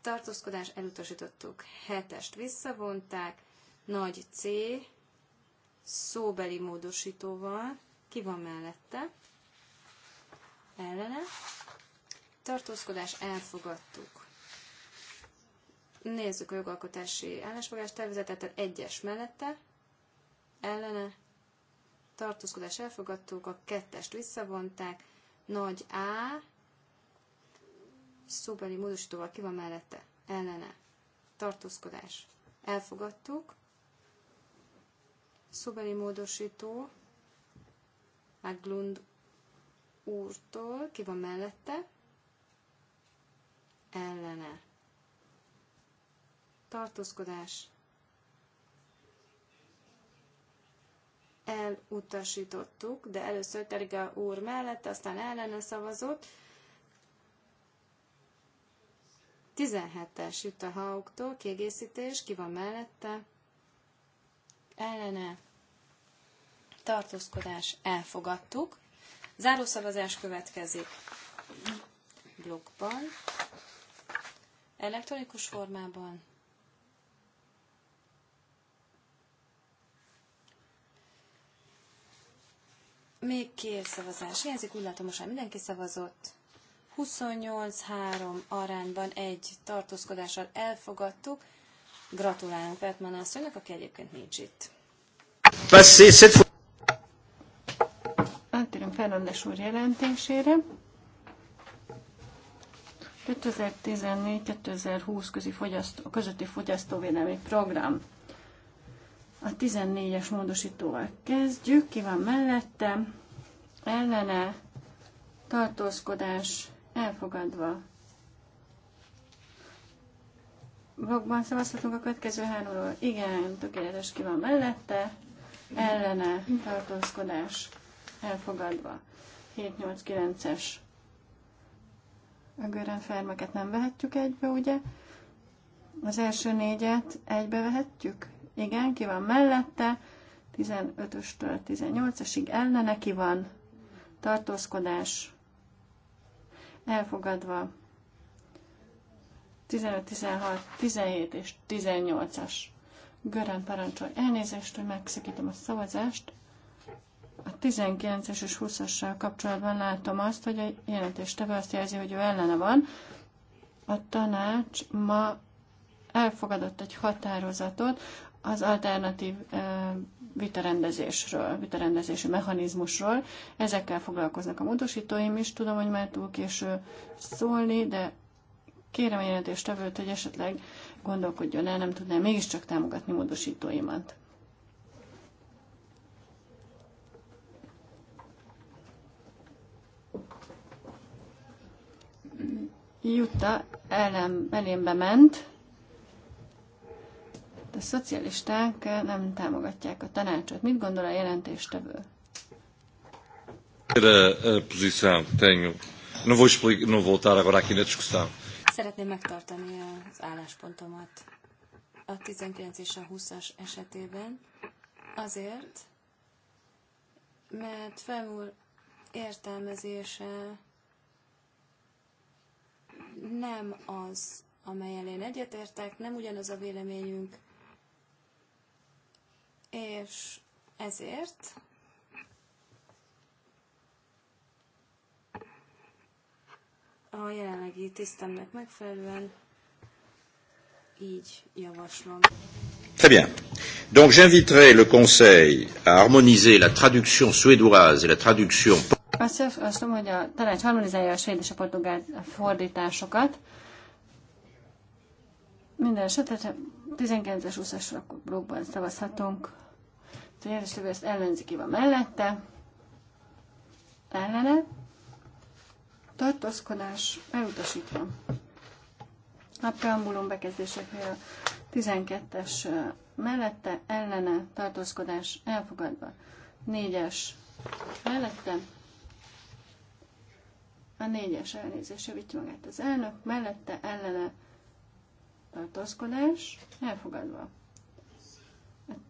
tartózkodás, elutasítottuk. 7-est visszavonták, nagy C, szóbeli módosítóval, ki van mellette, ellene, tartózkodás elfogadtuk. Nézzük a jogalkotási állásfogás tervezetet, tehát egyes mellette, ellene, tartózkodás elfogadtuk, a kettest visszavonták, nagy A, szóbeli módosítóval ki van mellette, ellene, tartózkodás elfogadtuk, szóbeli módosító, glund úrtól, ki van mellette, ellene. Tartózkodás. Elutasítottuk, de először a úr mellette, aztán ellene szavazott. 17-es jut a hauktól, kiegészítés, ki van mellette, ellene, tartózkodás, elfogadtuk. Zárószavazás következik blogban, elektronikus formában. Még két szavazás hiányzik, úgy látom, most már mindenki szavazott. 28-3 arányban egy tartózkodással elfogadtuk. Gratulálunk Petman asszonynak, aki egyébként nincs itt. Fernandes úr jelentésére. 2014-2020 közötti, fogyasztó, közötti fogyasztóvédelmi program. A 14-es módosítóval kezdjük, ki van mellette, ellene, tartózkodás, elfogadva. Blogban szavazhatunk a következő háromról. Igen, tökéletes ki van mellette, ellene, tartózkodás, elfogadva. 7-8-9-es a Gören fermeket nem vehetjük egybe, ugye? Az első négyet egybe vehetjük? Igen, ki van mellette? 15-östől 18 esig elne neki van? Tartózkodás elfogadva. 15, 16, 17 és 18-as. Görön parancsol elnézést, hogy megszakítom a szavazást. A 19-es és 20-assal kapcsolatban látom azt, hogy a jelentéstevő azt jelzi, hogy ő ellene van. A tanács ma elfogadott egy határozatot az alternatív vitarendezésről, vitarendezési mechanizmusról. Ezekkel foglalkoznak a módosítóim is. Tudom, hogy már túl késő szólni, de kérem a jelentéstevőt, hogy esetleg gondolkodjon el, nem tudnám mégiscsak támogatni módosítóimat. Jutta ellen, elémbe ment, de a szocialisták nem támogatják a tanácsot. Mit gondol a jelentéstevő? Szeretném megtartani az álláspontomat a 19 és a 20-as esetében, azért, mert felmúl értelmezése nem az, amelyen én egyetértek, nem ugyanaz a véleményünk, és ezért a jelenlegi tisztemnek megfelelően így javaslom. Très bien. Donc j'inviterai le Conseil à harmoniser la traduction suédoise et la traduction azt javaslom, hogy a tanács harmonizálja a svéd és a portugál fordításokat. Minden esetre 19-es 20-as blokkban szavazhatunk. A jelentéstevő ezt ellenzi ki van mellette. Ellene. Tartózkodás elutasítva. A preambulum bekezdéseknél a 12-es mellette, ellene, tartózkodás elfogadva. 4-es mellette, a négyes elnézés javítja magát az elnök, mellette ellene tartózkodás, elfogadva.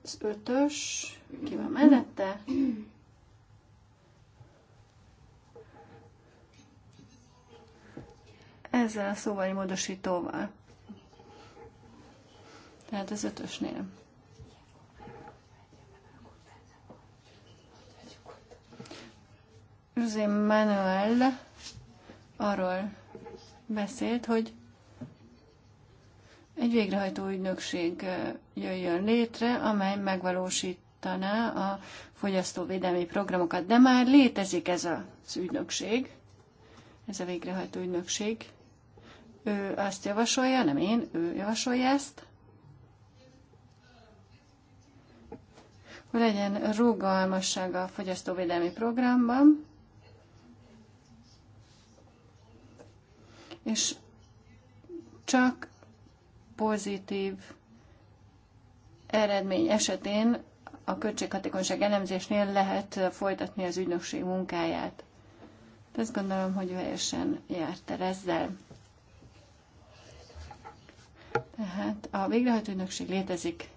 Az ötös, ki van mellette? Ezzel a szóvali módosítóval. Tehát az ötösnél. José Manuel arról beszélt, hogy egy végrehajtó ügynökség jöjjön létre, amely megvalósítaná a fogyasztóvédelmi programokat. De már létezik ez az ügynökség, ez a végrehajtó ügynökség. Ő azt javasolja, nem én, ő javasolja ezt, hogy legyen rugalmassága a fogyasztóvédelmi programban, és csak pozitív eredmény esetén a költséghatékonyság elemzésnél lehet folytatni az ügynökség munkáját. Ezt gondolom, hogy ő helyesen járt el ezzel. Tehát a végrehajtó ügynökség létezik.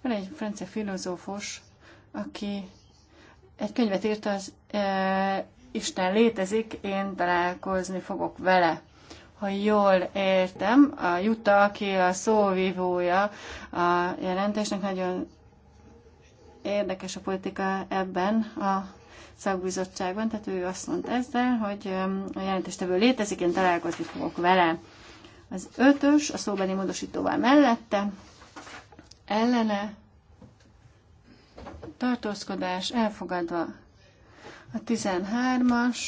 Van egy francia filozófus, aki egy könyvet írt, az e, Isten létezik, én találkozni fogok vele ha jól értem, a Juta, aki a szóvivója a jelentésnek, nagyon érdekes a politika ebben a szakbizottságban, tehát ő azt mondta ezzel, hogy um, a jelentéstevő létezik, én találkozni fogok vele. Az ötös, a szóbeli módosítóval mellette, ellene, tartózkodás elfogadva. A 13-as,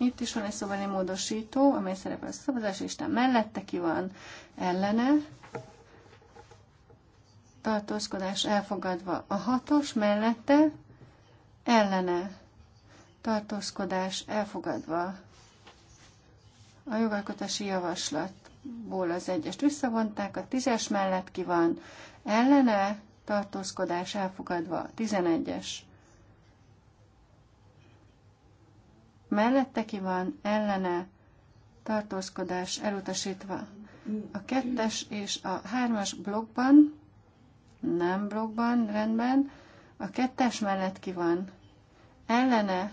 itt is van egy szobani módosító, amely szerepel a szavazás listán mellette, ki van ellene. Tartózkodás elfogadva a hatos mellette, ellene. Tartózkodás elfogadva a jogalkotási javaslatból az egyest visszavonták, a tízes mellett ki van ellene, tartózkodás elfogadva, 11-es mellette ki van, ellene, tartózkodás elutasítva. A kettes és a hármas blokkban, nem blokkban, rendben, a kettes mellett ki van, ellene,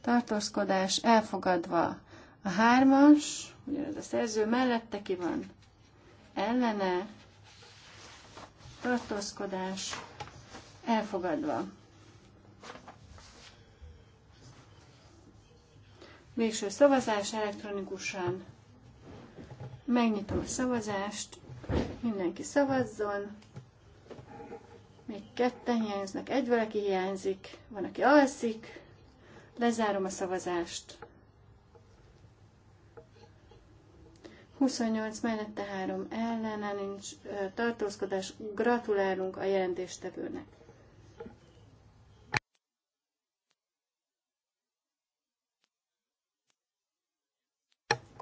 tartózkodás elfogadva. A hármas, ugyanez a szerző mellette ki van, ellene, tartózkodás elfogadva. Végső szavazás elektronikusan. Megnyitom a szavazást. Mindenki szavazzon. Még ketten hiányoznak, egy valaki hiányzik, van, aki alszik. Lezárom a szavazást. 28 mellette 3 ellene nincs tartózkodás. Gratulálunk a jelentéstevőnek.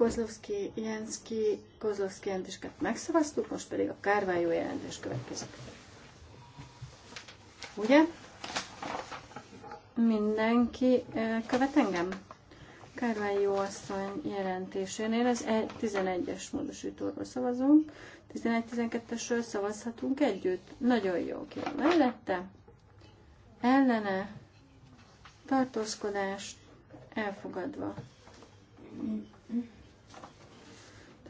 Kozlovszki, Jenszki, Kozlovszki jelentéseket megszavaztuk, most pedig a Kárvályó jelentés következik. Ugye? Mindenki eh, követ engem? jó asszony jelentésénél az 11-es e- módosítóról szavazunk, 11-12-esről szavazhatunk együtt. Nagyon jó, ki van mellette. Ellene, tartózkodás, elfogadva. Mm-hmm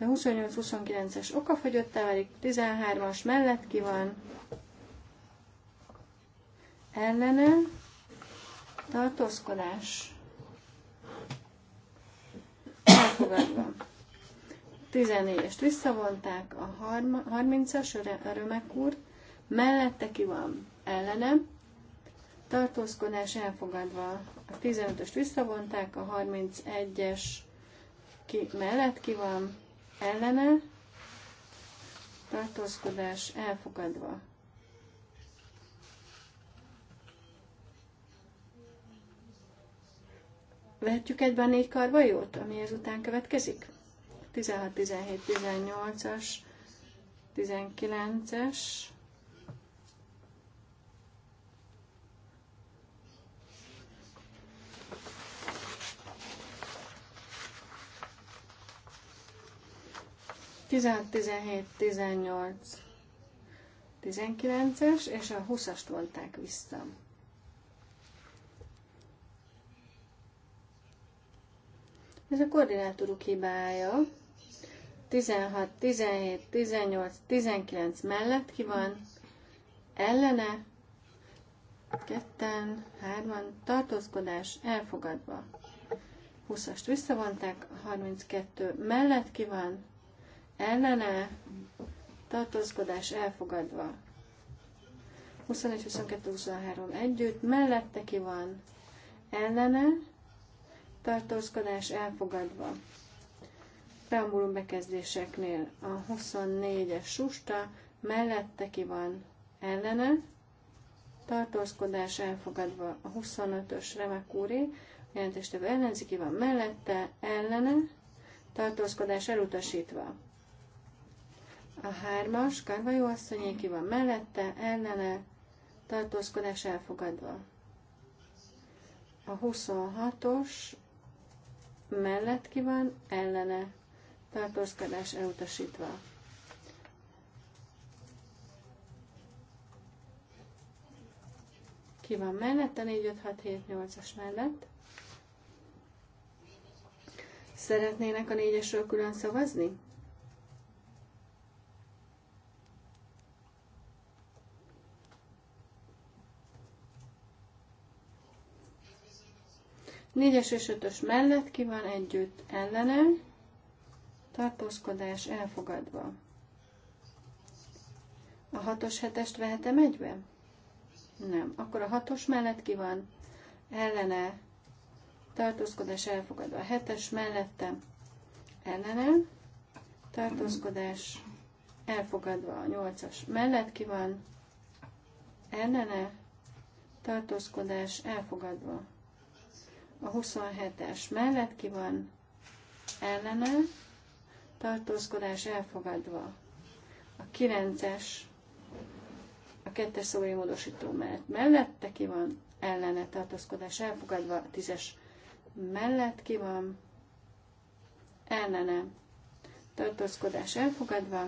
de 28-29-es okafogyottá válik, 13-as mellett ki van ellene tartózkodás elfogadva. 14-est visszavonták a 30-as örömek úr, mellette ki van ellene, tartózkodás elfogadva. A 15-öst visszavonták, a 31-es ki, mellett ki van, ellene, tartózkodás elfogadva. Vehetjük egyben négy karvajót, ami ezután következik? 16, 17, 18-as, 19-es, 16, 17, 18, 19-es, és a 20-ast vonták vissza. Ez a koordinátoruk hibája. 16, 17, 18, 19 mellett ki van, ellene, ketten, hárman, tartózkodás elfogadva. 20-ast visszavonták, 32 mellett ki van, ellene, tartózkodás elfogadva. 21, 22, 23 együtt, mellette ki van ellene, tartózkodás elfogadva. Preambulum bekezdéseknél a 24-es susta, mellette ki van ellene, tartózkodás elfogadva a 25-ös remek úré, jelentéstevő ellenzi, ki van mellette, ellene, tartózkodás elutasítva. A hármas, Karvajó asszonyé, ki van mellette, ellene, tartózkodás elfogadva. A 26-os mellett ki van, ellene, tartózkodás elutasítva. Ki van mellett, a 4, 5, 6, 7, 8-as mellett. Szeretnének a négyesről külön szavazni? 4-es és 5-ös mellett ki van együtt ellene, tartózkodás elfogadva. A 6-os 7-est vehetem egybe? Nem. Akkor a 6-os mellett ki van ellene, tartózkodás elfogadva. A 7-es mellette ellene, tartózkodás elfogadva. A 8-as mellett ki van ellene, tartózkodás elfogadva. A 27-es mellett ki van ellene, tartózkodás elfogadva. A 9-es, a 2-es szóri módosító mellett mellette ki van ellene, tartózkodás elfogadva. A 10-es mellett ki van ellene, tartózkodás elfogadva.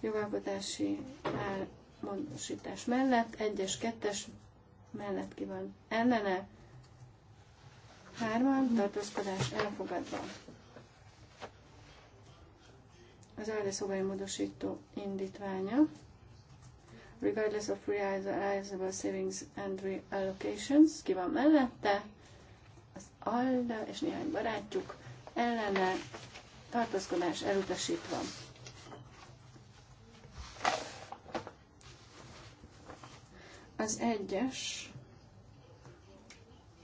Jogalkotási áll módosítás mellett, 1-es, 2-es mellett ki van ellene, hárman, tartózkodás elfogadva. Az erre szobai módosító indítványa, regardless of realizable savings and reallocations, ki van mellette, az Alda és néhány barátjuk ellene tartózkodás elutasítva. az egyes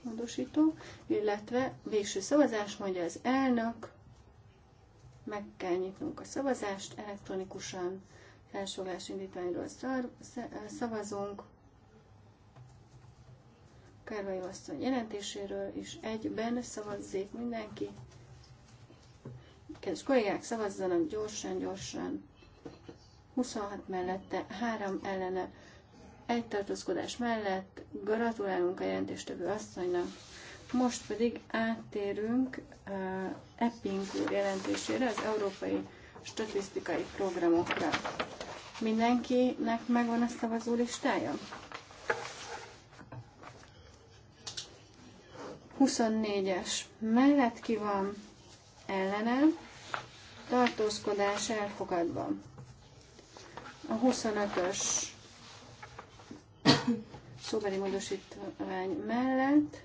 módosító, illetve végső szavazás, mondja az elnök, meg kell nyitnunk a szavazást elektronikusan, felsorolás indítványról szavazunk, Kárvai asszony jelentéséről, és egyben szavazzék mindenki. Kedves kollégák, szavazzanak gyorsan, gyorsan. 26 mellette, 3 ellene egy tartózkodás mellett gratulálunk a jelentéstevő asszonynak. Most pedig áttérünk uh, Epping úr jelentésére, az Európai Statisztikai Programokra. Mindenkinek megvan a szavazó listája? 24-es mellett ki van ellene, tartózkodás elfogadva. A 25-ös szóbeli módosítvány mellett,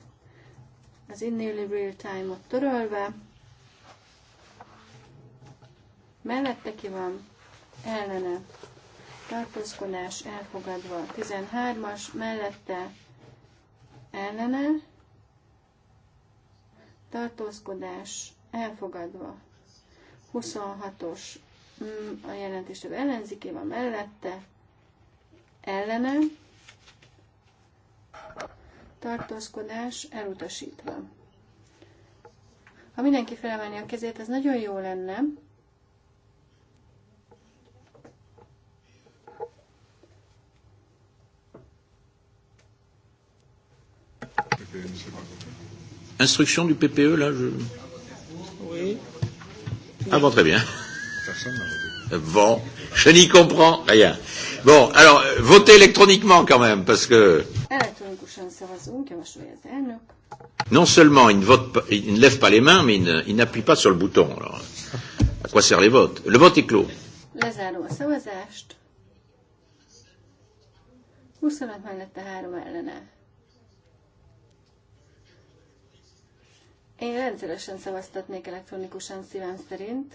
az in nearly real time-ot törölve, mellette ki van, ellene, tartózkodás elfogadva, 13-as, mellette, ellene, tartózkodás elfogadva, 26-os, mm, a jelentésre ellenzik van mellette, ellene, tartózkodás elutasítva. Ha mindenki felemelni a kezét, ez nagyon jó lenne. Instruction du PPE, là, je... Oui. Ah bon, très bien. Bon, je n'y comprends rien. Bon, alors, euh, votez électroniquement quand même, parce que... Non seulement il ne, vote, pas, il ne lève pas les mains, mais il, ne, il n'appuie pas sur le bouton. Alors, à quoi servent les votes Le vote est clos. Én rendszeresen szavaztatnék elektronikusan szívem szerint.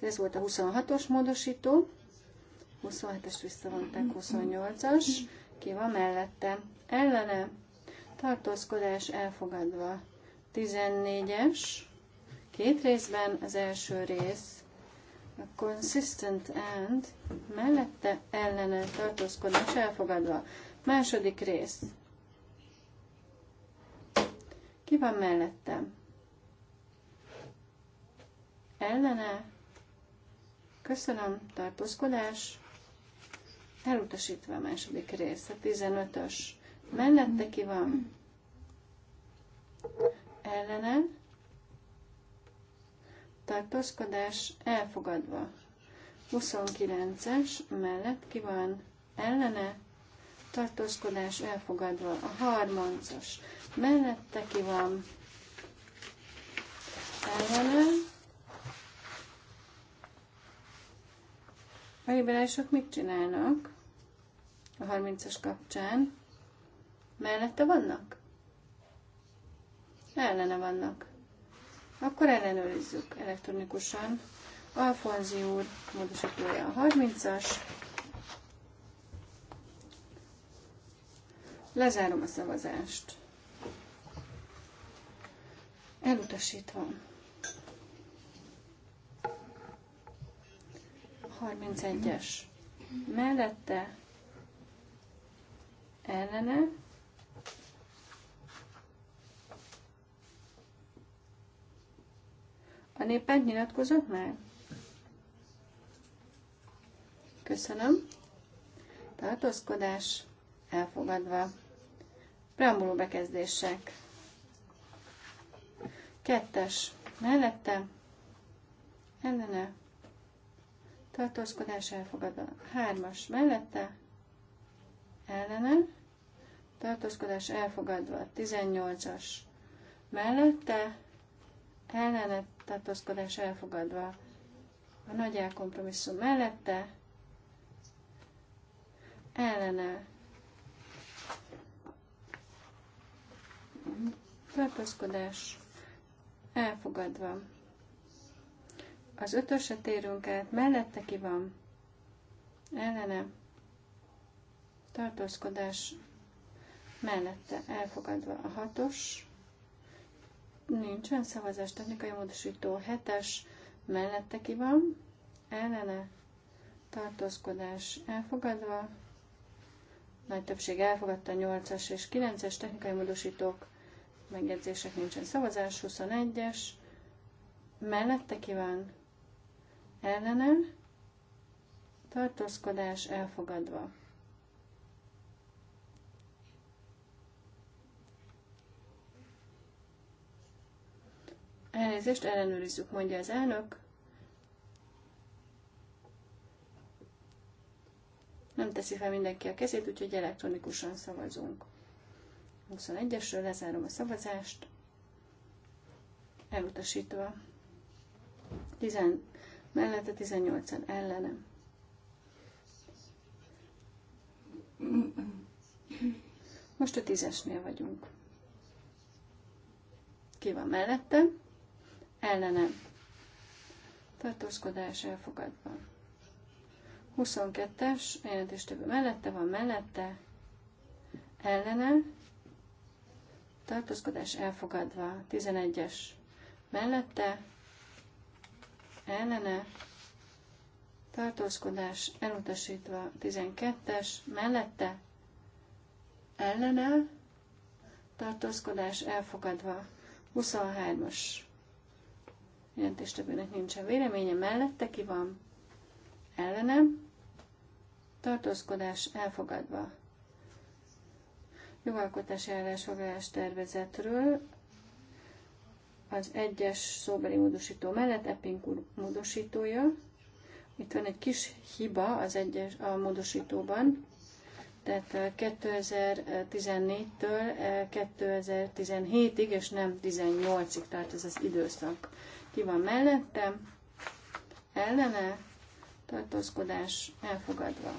Ez volt a 26-os módosító. 27-es visszavonták, 28-as, ki van mellette, ellene, tartózkodás elfogadva, 14-es, két részben az első rész, a consistent and, mellette, ellene, tartózkodás elfogadva, második rész, ki van mellettem? Ellene, köszönöm, tartózkodás, Elutasítva a második rész, a 15-ös. Mellette ki van? Ellenen. Tartózkodás elfogadva. 29-es mellett ki van? Ellene. Tartózkodás elfogadva. A 30-as mellette ki van? Ellene. A liberálisok mit csinálnak? a 30-as kapcsán. Mellette vannak? Ellene vannak. Akkor ellenőrizzük elektronikusan. Alfonzi úr módosítója a 30-as. Lezárom a szavazást. Elutasítva. 31-es. Mellette ellene. A néppárt nyilatkozott már? Köszönöm. Tartózkodás elfogadva. Preambuló bekezdések. Kettes. Mellette. Ellene. Tartózkodás elfogadva. Hármas. Mellette. Ellene tartózkodás elfogadva 18-as mellette, ellene tartózkodás elfogadva a nagy elkompromisszum mellette, ellene tartózkodás elfogadva. Az ötöse térünk át, mellette ki van, ellene tartózkodás mellette elfogadva a hatos, nincsen szavazás technikai módosító hetes, mellette ki van, ellene tartózkodás elfogadva, nagy többség elfogadta 8-as és 9-es technikai módosítók, megjegyzések nincsen szavazás, 21-es, mellette ki van, ellene tartózkodás elfogadva. Elnézést, ellenőrizzük, mondja az elnök. Nem teszi fel mindenki a kezét, úgyhogy elektronikusan szavazunk. 21-esről lezárom a szavazást, elutasítva. 10, mellette 18-en ellenem. Most a tízesnél vagyunk. Ki van mellette? ellene tartózkodás elfogadva. 22-es többi mellette van, mellette ellene tartózkodás elfogadva. 11-es mellette ellene tartózkodás elutasítva. 12-es mellette ellene tartózkodás elfogadva. 23-as jelentéstevőnek nincsen véleménye, mellette ki van ellene, tartózkodás elfogadva. Jogalkotási állásfoglalás tervezetről az egyes szóbeli módosító mellett Epping úr módosítója. Itt van egy kis hiba az egyes a módosítóban, tehát 2014-től 2017-ig, és nem 18-ig tart ez az időszak ki van mellette, ellene, tartózkodás elfogadva.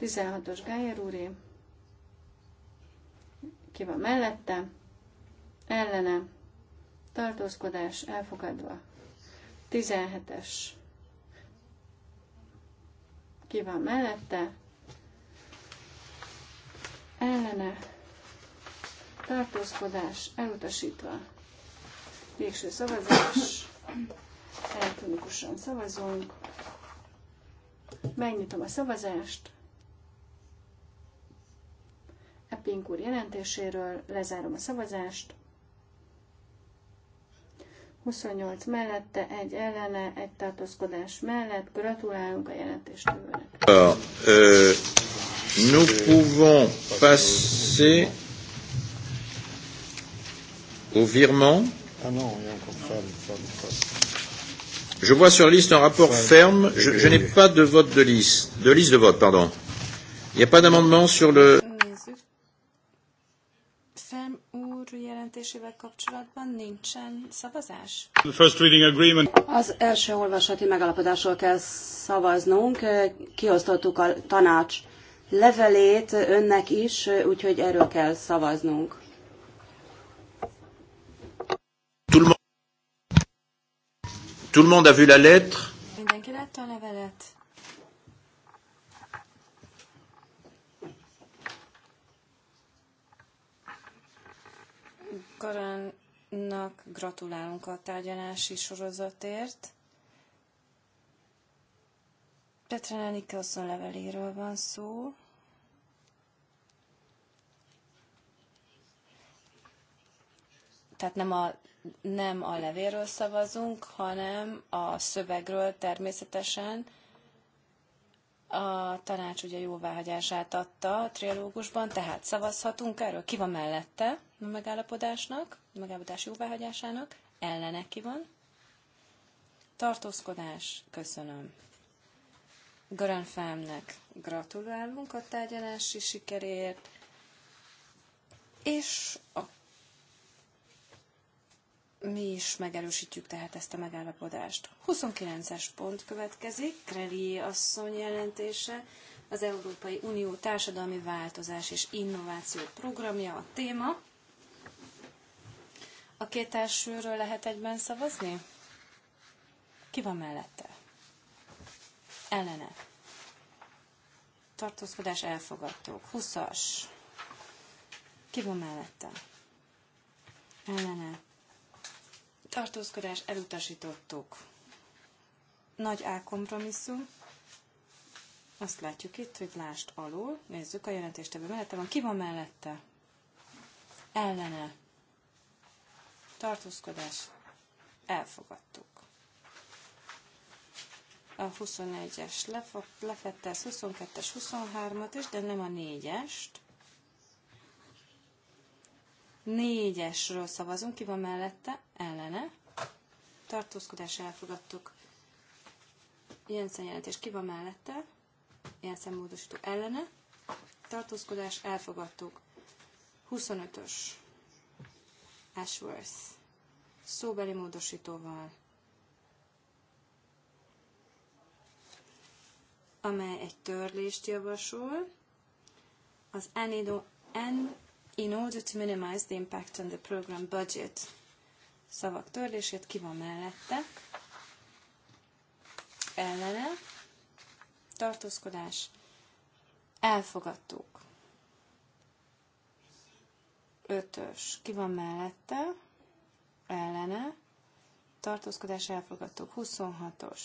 16-os Gájer úré, ki van mellette, ellene, tartózkodás elfogadva. 17-es, ki van mellette, ellene, tartózkodás elutasítva. Végső szavazás. Elektronikusan szavazunk. Megnyitom a szavazást. Epping úr jelentéséről lezárom a szavazást. 28 mellette, egy ellene, egy tartózkodás mellett. Gratulálunk a jelentéstevőnek. Euh, nous pouvons passer au virement. Ah je vois sur la liste un rapport ferme. Je, je n'ai pas de vote de liste, de liste de vote, pardon. Il n'y a pas d'amendement sur le. Euh, The first reading agreement. Az első olvasati megalapodásról kell szavaznunk. Kiosztottuk a tanács levelét önnek is, úgyhogy erről kell szavaznunk. Tout le monde a vu la lettre? Karannak gratulálunk a tárgyalási sorozatért. Petra Lenike asszony leveléről van szó. Tehát nem a nem a levéről szavazunk, hanem a szövegről természetesen. A tanács ugye jóváhagyását adta a trialógusban, tehát szavazhatunk erről. Ki van mellette a megállapodásnak, a megállapodás jóváhagyásának? Ellene ki van? Tartózkodás, köszönöm. Garanfámnek gratulálunk a tárgyalási sikerért, és a mi is megerősítjük tehát ezt a megállapodást. 29-es pont következik, Kreli asszony jelentése, az Európai Unió Társadalmi Változás és Innováció Programja a téma. A két elsőről lehet egyben szavazni? Ki van mellette? Ellene. Tartózkodás elfogadtuk. 20-as. Ki van mellette? Ellene tartózkodás elutasítottuk. Nagy A kompromisszum. Azt látjuk itt, hogy lást alul. Nézzük a jelentéstevő mellette van. Ki van mellette? Ellene. Tartózkodás. Elfogadtuk. A 21-es lefette, 22-es, 23-at is, de nem a 4-est. Négyesről szavazunk, ki van mellette, ellene. Tartózkodás elfogadtuk. Ilyen szemjelentés ki van mellette, ilyen szemmódosító ellene. Tartózkodás elfogadtuk. 25-ös. Ashworth. Szóbeli módosítóval. amely egy törlést javasol. Az Anido, in order to minimize the impact on the program budget. Szavak törlését ki van mellette? Ellene. Tartózkodás. Elfogadtuk. Ötös. Ki van mellette? Ellene. Tartózkodás elfogadtuk. 26-os.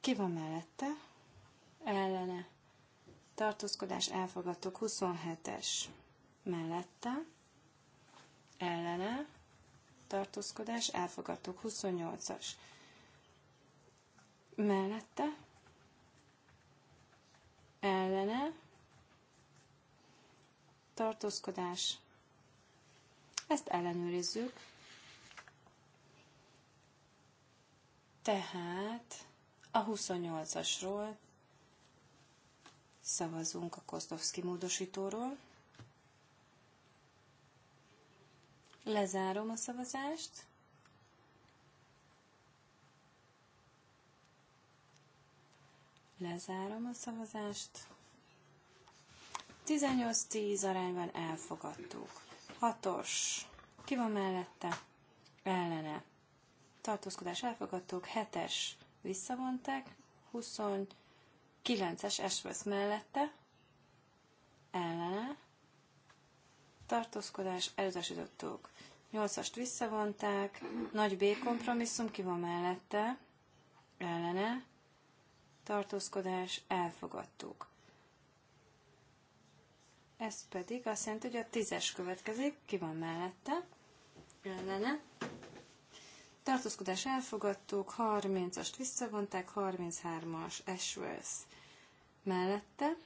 Ki van mellette? Ellene tartózkodás elfogadtok 27-es mellette, ellene, tartózkodás elfogadtok 28-as mellette, ellene, tartózkodás, ezt ellenőrizzük, tehát a 28-asról Szavazunk a Kosztovszki módosítóról. Lezárom a szavazást. Lezárom a szavazást. 18-10 arányban elfogadtuk. Hatos. Ki van mellette? Ellene. Tartózkodás elfogadtuk. Hetes. Visszavonták. 20. 9-es Ashworth mellette, ellene, tartózkodás, elutasítottuk. 8-ast visszavonták, nagy B kompromisszum, ki van mellette, ellene, tartózkodás, elfogadtuk. Ez pedig azt jelenti, hogy a 10-es következik, ki van mellette, ellene. Tartózkodás elfogadtuk, 30-ast visszavonták, 33-as Ashworth mellette,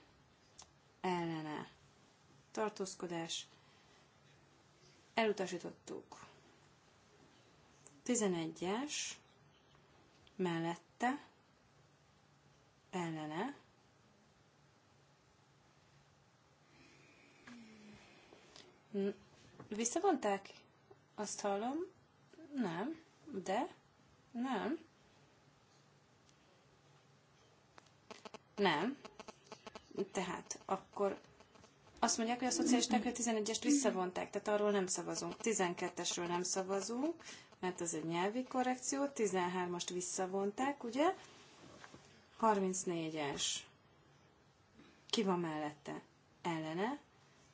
ellene, tartózkodás, elutasítottuk. 11-es, mellette, ellene, Visszavonták? Azt hallom. Nem, de nem. Nem. Tehát akkor azt mondják, hogy a szocialisták a 11-est visszavonták, tehát arról nem szavazunk. 12-esről nem szavazunk, mert az egy nyelvi korrekció, 13-ast visszavonták, ugye? 34-es. Ki van mellette? Ellene.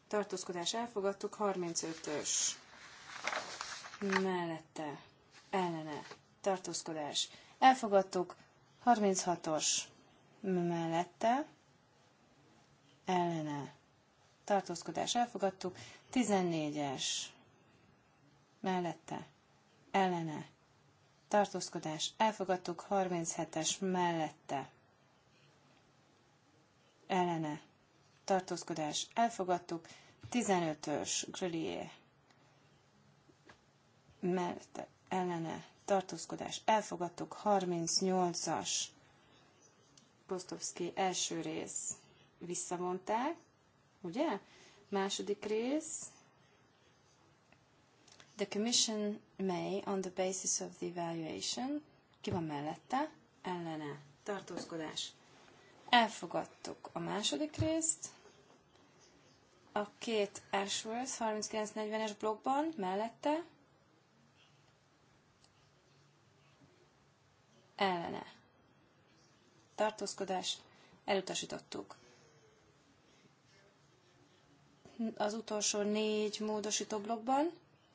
Tartózkodás elfogadtuk, 35-ös. Mellette. Ellene. Tartózkodás. Elfogadtuk, 36-os mellette ellene tartózkodás elfogadtuk, 14-es mellette ellene tartózkodás elfogadtuk, 37-es mellette ellene tartózkodás elfogadtuk, 15-ös Grölié mellette ellene tartózkodás elfogadtuk, 38-as Posztovszki első rész visszavonták, ugye? Második rész. The commission may, on the basis of the evaluation, ki van mellette? Ellene. Tartózkodás. Elfogadtuk a második részt. A két Ashworth 3940-es blogban mellette. Ellene tartózkodás, elutasítottuk. Az utolsó négy módosító blokkban?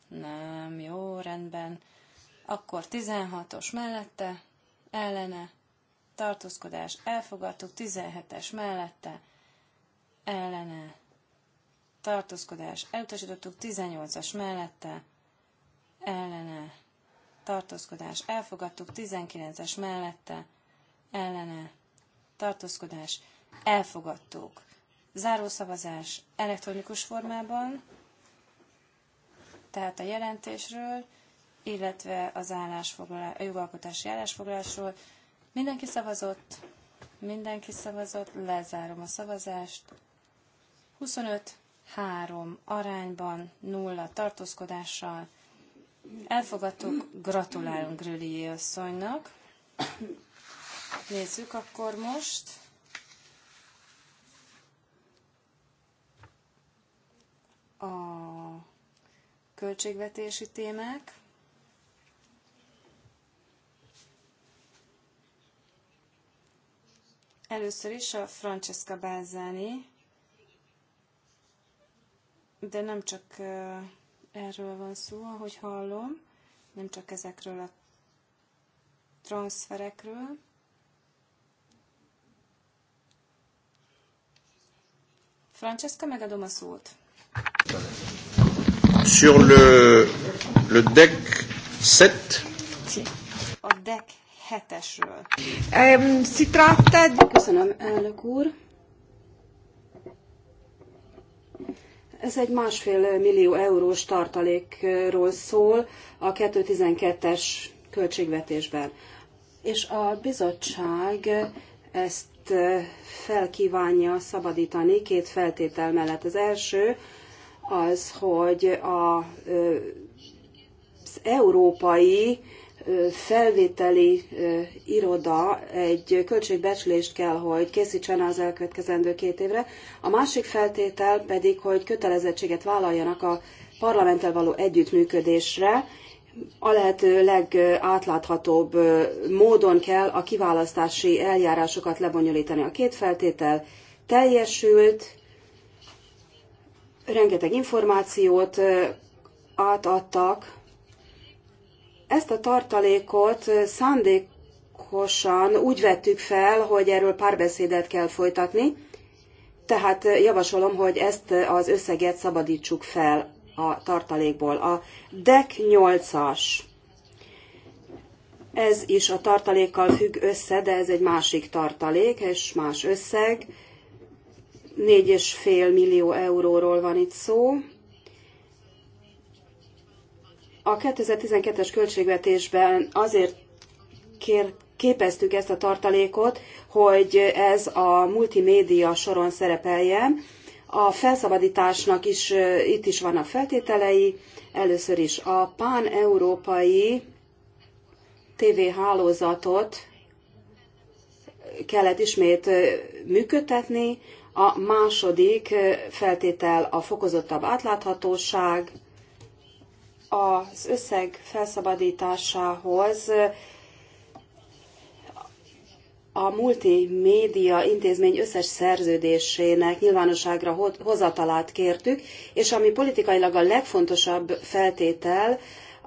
Nem, jó, rendben. Akkor 16-os mellette, ellene, tartózkodás, elfogadtuk, 17-es mellette, ellene, tartózkodás, elutasítottuk, 18-as mellette, ellene, tartózkodás, elfogadtuk, 19-es mellette, ellene, tartózkodás, elfogadtuk. Zárószavazás elektronikus formában, tehát a jelentésről, illetve az állásfoglalás, a jogalkotási állásfoglalásról. Mindenki szavazott, mindenki szavazott, lezárom a szavazást. 25 3 arányban, 0 tartózkodással. Elfogadtuk, gratulálunk Grüli asszonynak. Nézzük akkor most. A költségvetési témák. Először is a Francesca Bázáni, de nem csak erről van szó, ahogy hallom, nem csak ezekről a transferekről, Francesca, megadom a szót. Sur le, le deck 7. A deck 7 Um, si tratta... di. Köszönöm, elnök úr. Ez egy másfél millió eurós tartalékról szól a 2012-es költségvetésben. És a bizottság ezt itt felkívánja szabadítani két feltétel mellett. Az első az, hogy a, az európai felvételi iroda egy költségbecslést kell, hogy készítsen az elkövetkezendő két évre. A másik feltétel pedig, hogy kötelezettséget vállaljanak a parlamenttel való együttműködésre, a lehető legátláthatóbb módon kell a kiválasztási eljárásokat lebonyolítani. A két feltétel teljesült, rengeteg információt átadtak. Ezt a tartalékot szándékosan úgy vettük fel, hogy erről párbeszédet kell folytatni, tehát javasolom, hogy ezt az összeget szabadítsuk fel a tartalékból. A DEC 8-as, ez is a tartalékkal függ össze, de ez egy másik tartalék, és más összeg. 4,5 millió euróról van itt szó. A 2012-es költségvetésben azért kér, képeztük ezt a tartalékot, hogy ez a multimédia soron szerepeljen, a felszabadításnak is itt is vannak feltételei. Először is a pán-európai tévéhálózatot kellett ismét működtetni. A második feltétel a fokozottabb átláthatóság, az összeg felszabadításához a multimédia intézmény összes szerződésének nyilvánosságra hozatalát kértük, és ami politikailag a legfontosabb feltétel,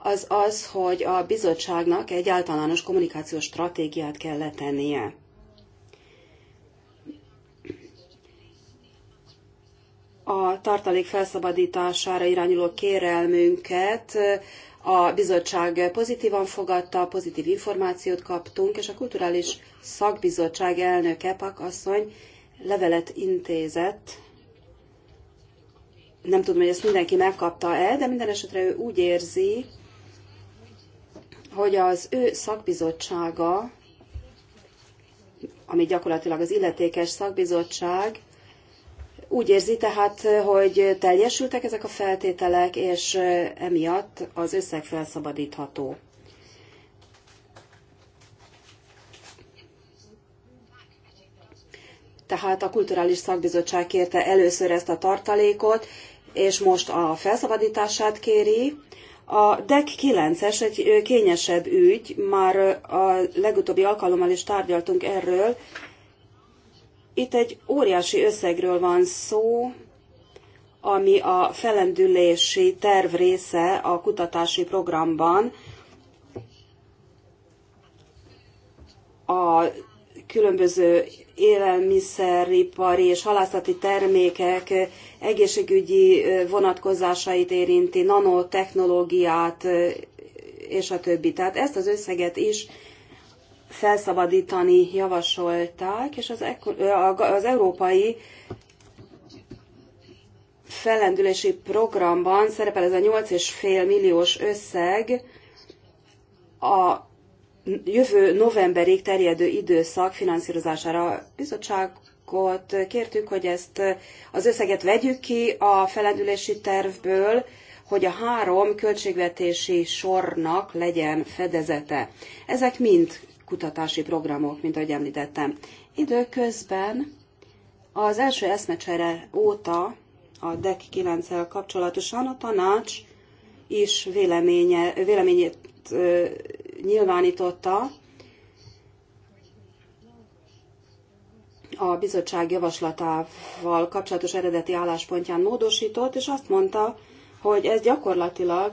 az az, hogy a bizottságnak egy általános kommunikációs stratégiát kell letennie. A tartalék felszabadítására irányuló kérelmünket a bizottság pozitívan fogadta, pozitív információt kaptunk, és a Kulturális Szakbizottság elnöke, Pak asszony, levelet intézett. Nem tudom, hogy ezt mindenki megkapta-e, de minden esetre ő úgy érzi, hogy az ő szakbizottsága, ami gyakorlatilag az illetékes szakbizottság, úgy érzi tehát, hogy teljesültek ezek a feltételek, és emiatt az összeg felszabadítható. Tehát a Kulturális Szakbizottság kérte először ezt a tartalékot, és most a felszabadítását kéri. A DEC 9-es egy kényesebb ügy, már a legutóbbi alkalommal is tárgyaltunk erről, itt egy óriási összegről van szó, ami a felendülési terv része a kutatási programban. A különböző élelmiszeripari és halászati termékek egészségügyi vonatkozásait érinti, nanotechnológiát és a többi. Tehát ezt az összeget is felszabadítani javasolták, és az, az európai fellendülési programban szerepel ez a 8,5 milliós összeg a jövő novemberig terjedő időszak finanszírozására. A bizottságot kértük, hogy ezt az összeget vegyük ki a felendülési tervből, hogy a három költségvetési sornak legyen fedezete. Ezek mind kutatási programok, mint ahogy említettem. Időközben az első eszmecsere óta a DEC 9 el kapcsolatosan a tanács is véleménye, véleményét ö, nyilvánította a bizottság javaslatával kapcsolatos eredeti álláspontján módosított, és azt mondta, hogy ez gyakorlatilag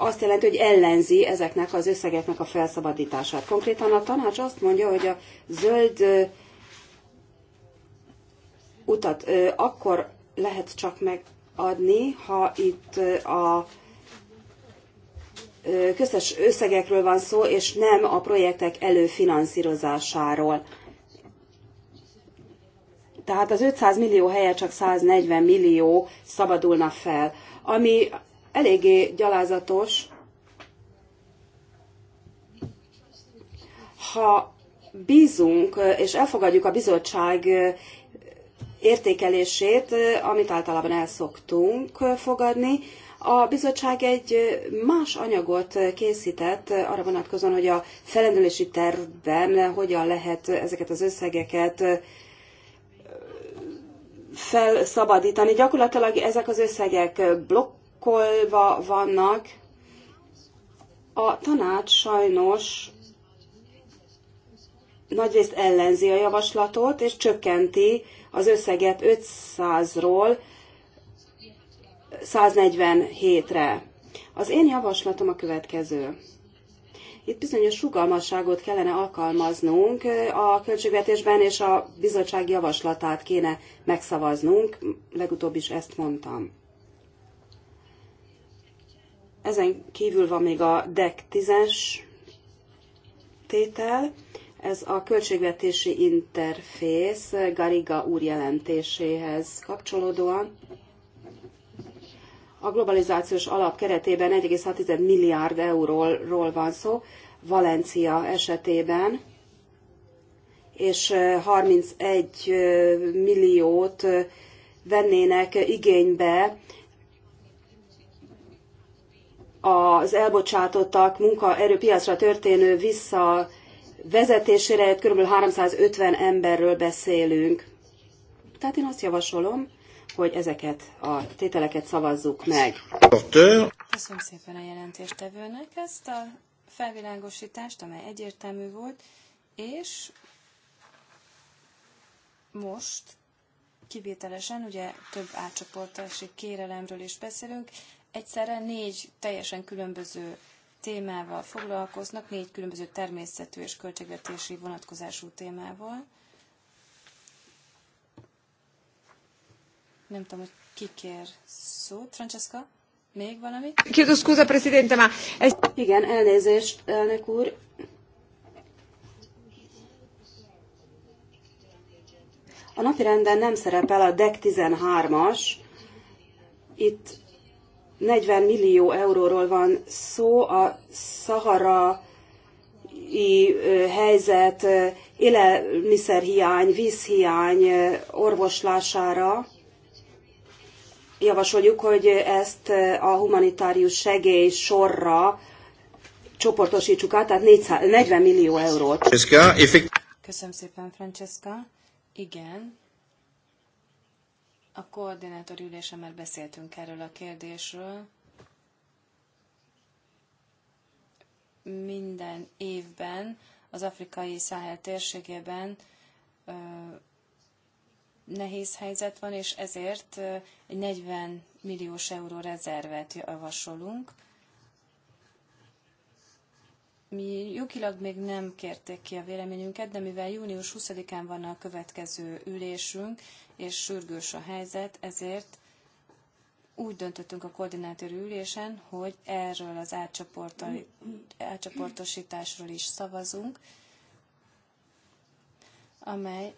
azt jelenti, hogy ellenzi ezeknek az összegeknek a felszabadítását. Konkrétan a tanács azt mondja, hogy a zöld utat akkor lehet csak megadni, ha itt a köztes összegekről van szó, és nem a projektek előfinanszírozásáról. Tehát az 500 millió helyett csak 140 millió szabadulna fel, ami eléggé gyalázatos, ha bízunk és elfogadjuk a bizottság értékelését, amit általában el szoktunk fogadni, a bizottság egy más anyagot készített arra vonatkozóan, hogy a felendülési tervben hogyan lehet ezeket az összegeket felszabadítani. Gyakorlatilag ezek az összegek blokk kolva vannak. A tanács sajnos nagyrészt ellenzi a javaslatot, és csökkenti az összeget 500-ról 147-re. Az én javaslatom a következő. Itt bizonyos rugalmasságot kellene alkalmaznunk a költségvetésben, és a bizottság javaslatát kéne megszavaznunk. Legutóbb is ezt mondtam. Ezen kívül van még a DEC 10-es tétel, ez a költségvetési interfész Gariga úr jelentéséhez kapcsolódóan. A globalizációs alap keretében 1,6 milliárd euróról van szó, Valencia esetében, és 31 milliót vennének igénybe az elbocsátottak munkaerőpiacra történő visszavezetésére kb. 350 emberről beszélünk. Tehát én azt javasolom, hogy ezeket a tételeket szavazzuk meg. Köszönöm szépen a jelentéstevőnek ezt a felvilágosítást, amely egyértelmű volt, és most kivételesen, ugye több átcsoportási kérelemről is beszélünk, egyszerre négy teljesen különböző témával foglalkoznak, négy különböző természetű és költségvetési vonatkozású témával. Nem tudom, hogy ki kér szót. Francesca, még valami? Kérdő szkúza, Presidente, már. Ez... Igen, elnézést, elnök úr. A napirenden nem szerepel a DEC 13-as. Itt 40 millió euróról van szó, a Szahara helyzet, élelmiszerhiány, vízhiány orvoslására. Javasoljuk, hogy ezt a humanitárius segély sorra csoportosítsuk át, tehát 40 millió eurót. Köszönöm szépen, Francesca. Igen, a koordinátor ülésen már beszéltünk erről a kérdésről. Minden évben az afrikai száhel térségében ö, nehéz helyzet van, és ezért egy 40 milliós euró rezervet javasolunk. Mi jogilag még nem kérték ki a véleményünket, de mivel június 20-án van a következő ülésünk, és sürgős a helyzet, ezért úgy döntöttünk a koordinátor ülésen, hogy erről az átcsoportosításról is szavazunk, amely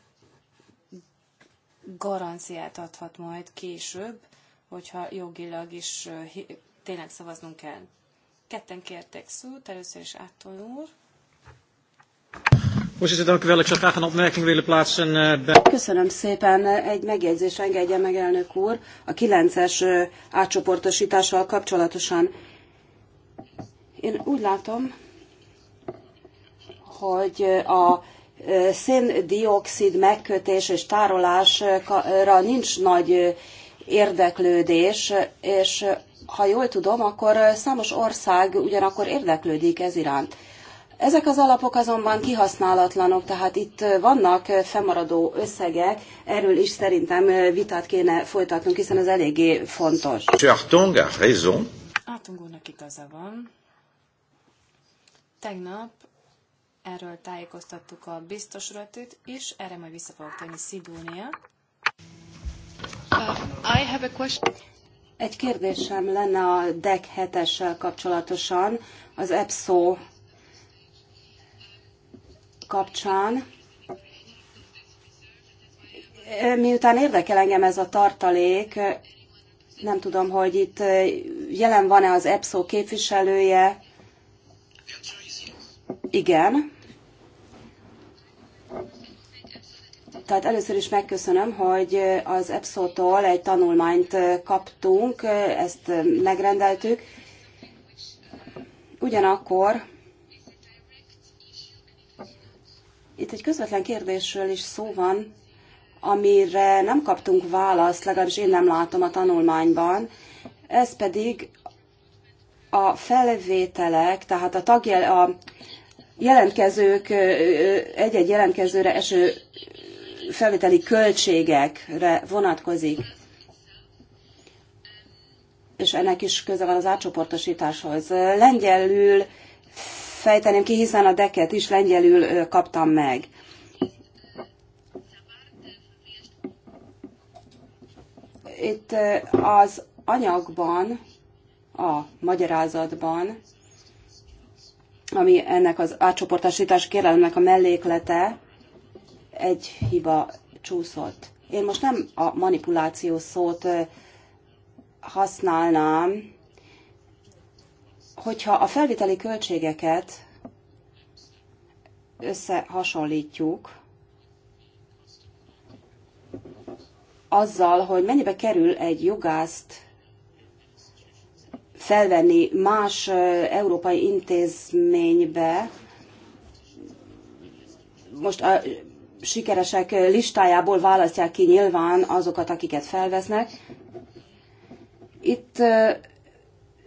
garanciát adhat majd később, hogyha jogilag is tényleg szavaznunk kell. Ketten kértek szót, először is Átton úr. Voorzitter, dank u wel. Ik zou graag een opmerking willen plaatsen eh, Köszönöm szépen. Egy megjegyzés engedje meg, elnök úr. A 9-es eh, átcsoportosítással kapcsolatosan. Én úgy látom, hogy eh, a széndiokszid megkötés és tárolásra nincs nagy érdeklődés, és ha jól tudom, akkor számos ország ugyanakkor érdeklődik ez iránt. Ezek az alapok azonban kihasználatlanok, tehát itt vannak fennmaradó összegek, erről is szerintem vitát kéne folytatnunk, hiszen ez eléggé fontos. Artung a raison. Artung úrnak igaza van. Tegnap erről tájékoztattuk a biztos uratit is, erre majd vissza fogok tenni Szidónia. Uh, I have a question. Egy kérdésem lenne a DEC 7 kapcsolatosan. Az EPSO kapcsán. Miután érdekel engem ez a tartalék, nem tudom, hogy itt jelen van-e az EPSO képviselője. Igen. Tehát először is megköszönöm, hogy az epso tól egy tanulmányt kaptunk, ezt megrendeltük. Ugyanakkor Itt egy közvetlen kérdésről is szó van, amire nem kaptunk választ, legalábbis én nem látom a tanulmányban. Ez pedig a felvételek, tehát a, tagjel, a jelentkezők, egy-egy jelentkezőre eső felvételi költségekre vonatkozik. És ennek is köze van az átcsoportosításhoz. Lengyelül fejteném ki, hiszen a deket is lengyelül kaptam meg. Itt az anyagban, a magyarázatban, ami ennek az átcsoportosítás kérelemnek a melléklete, egy hiba csúszott. Én most nem a manipuláció szót használnám, hogyha a felvételi költségeket összehasonlítjuk azzal, hogy mennyibe kerül egy jogászt felvenni más európai intézménybe, most a sikeresek listájából választják ki nyilván azokat, akiket felvesznek. Itt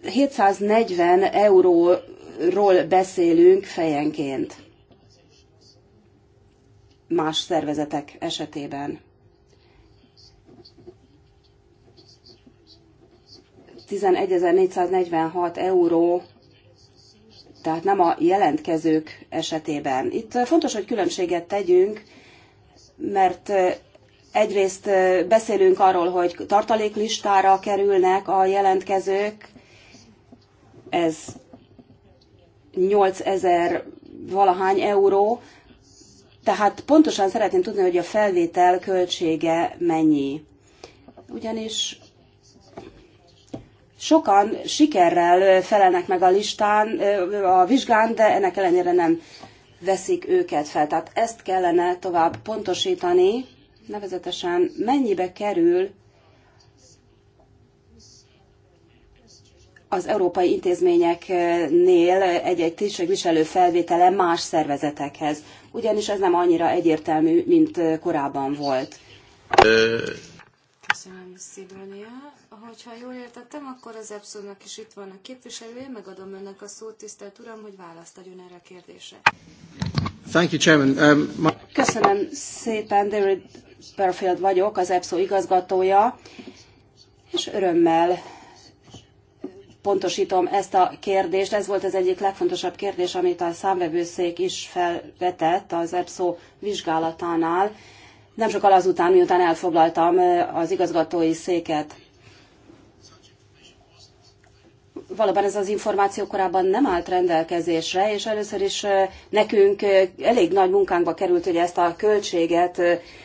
740 euróról beszélünk fejenként más szervezetek esetében. 11.446 euró, tehát nem a jelentkezők esetében. Itt fontos, hogy különbséget tegyünk, mert egyrészt beszélünk arról, hogy tartaléklistára kerülnek a jelentkezők, ez 8000 valahány euró, tehát pontosan szeretném tudni, hogy a felvétel költsége mennyi. Ugyanis sokan sikerrel felelnek meg a listán, a vizsgán, de ennek ellenére nem veszik őket fel. Tehát ezt kellene tovább pontosítani, nevezetesen mennyibe kerül az európai intézményeknél egy-egy tisztségviselő felvétele más szervezetekhez, ugyanis ez nem annyira egyértelmű, mint korábban volt. Köszönöm, Szibónia. Hogyha jól értettem, akkor az Epsonnak is itt van a képviselője. Megadom önnek a szót, tisztelt Uram, hogy választ adjon erre a kérdésre. Thank you, Chairman. Um, my... Köszönöm szépen, David Berfield vagyok, az EPSO igazgatója, és örömmel pontosítom ezt a kérdést. Ez volt az egyik legfontosabb kérdés, amit a számvevőszék is felvetett az EPSZO vizsgálatánál. Nem sokkal azután, miután elfoglaltam az igazgatói széket. Valóban ez az információ korábban nem állt rendelkezésre, és először is nekünk elég nagy munkánkba került, hogy ezt a költséget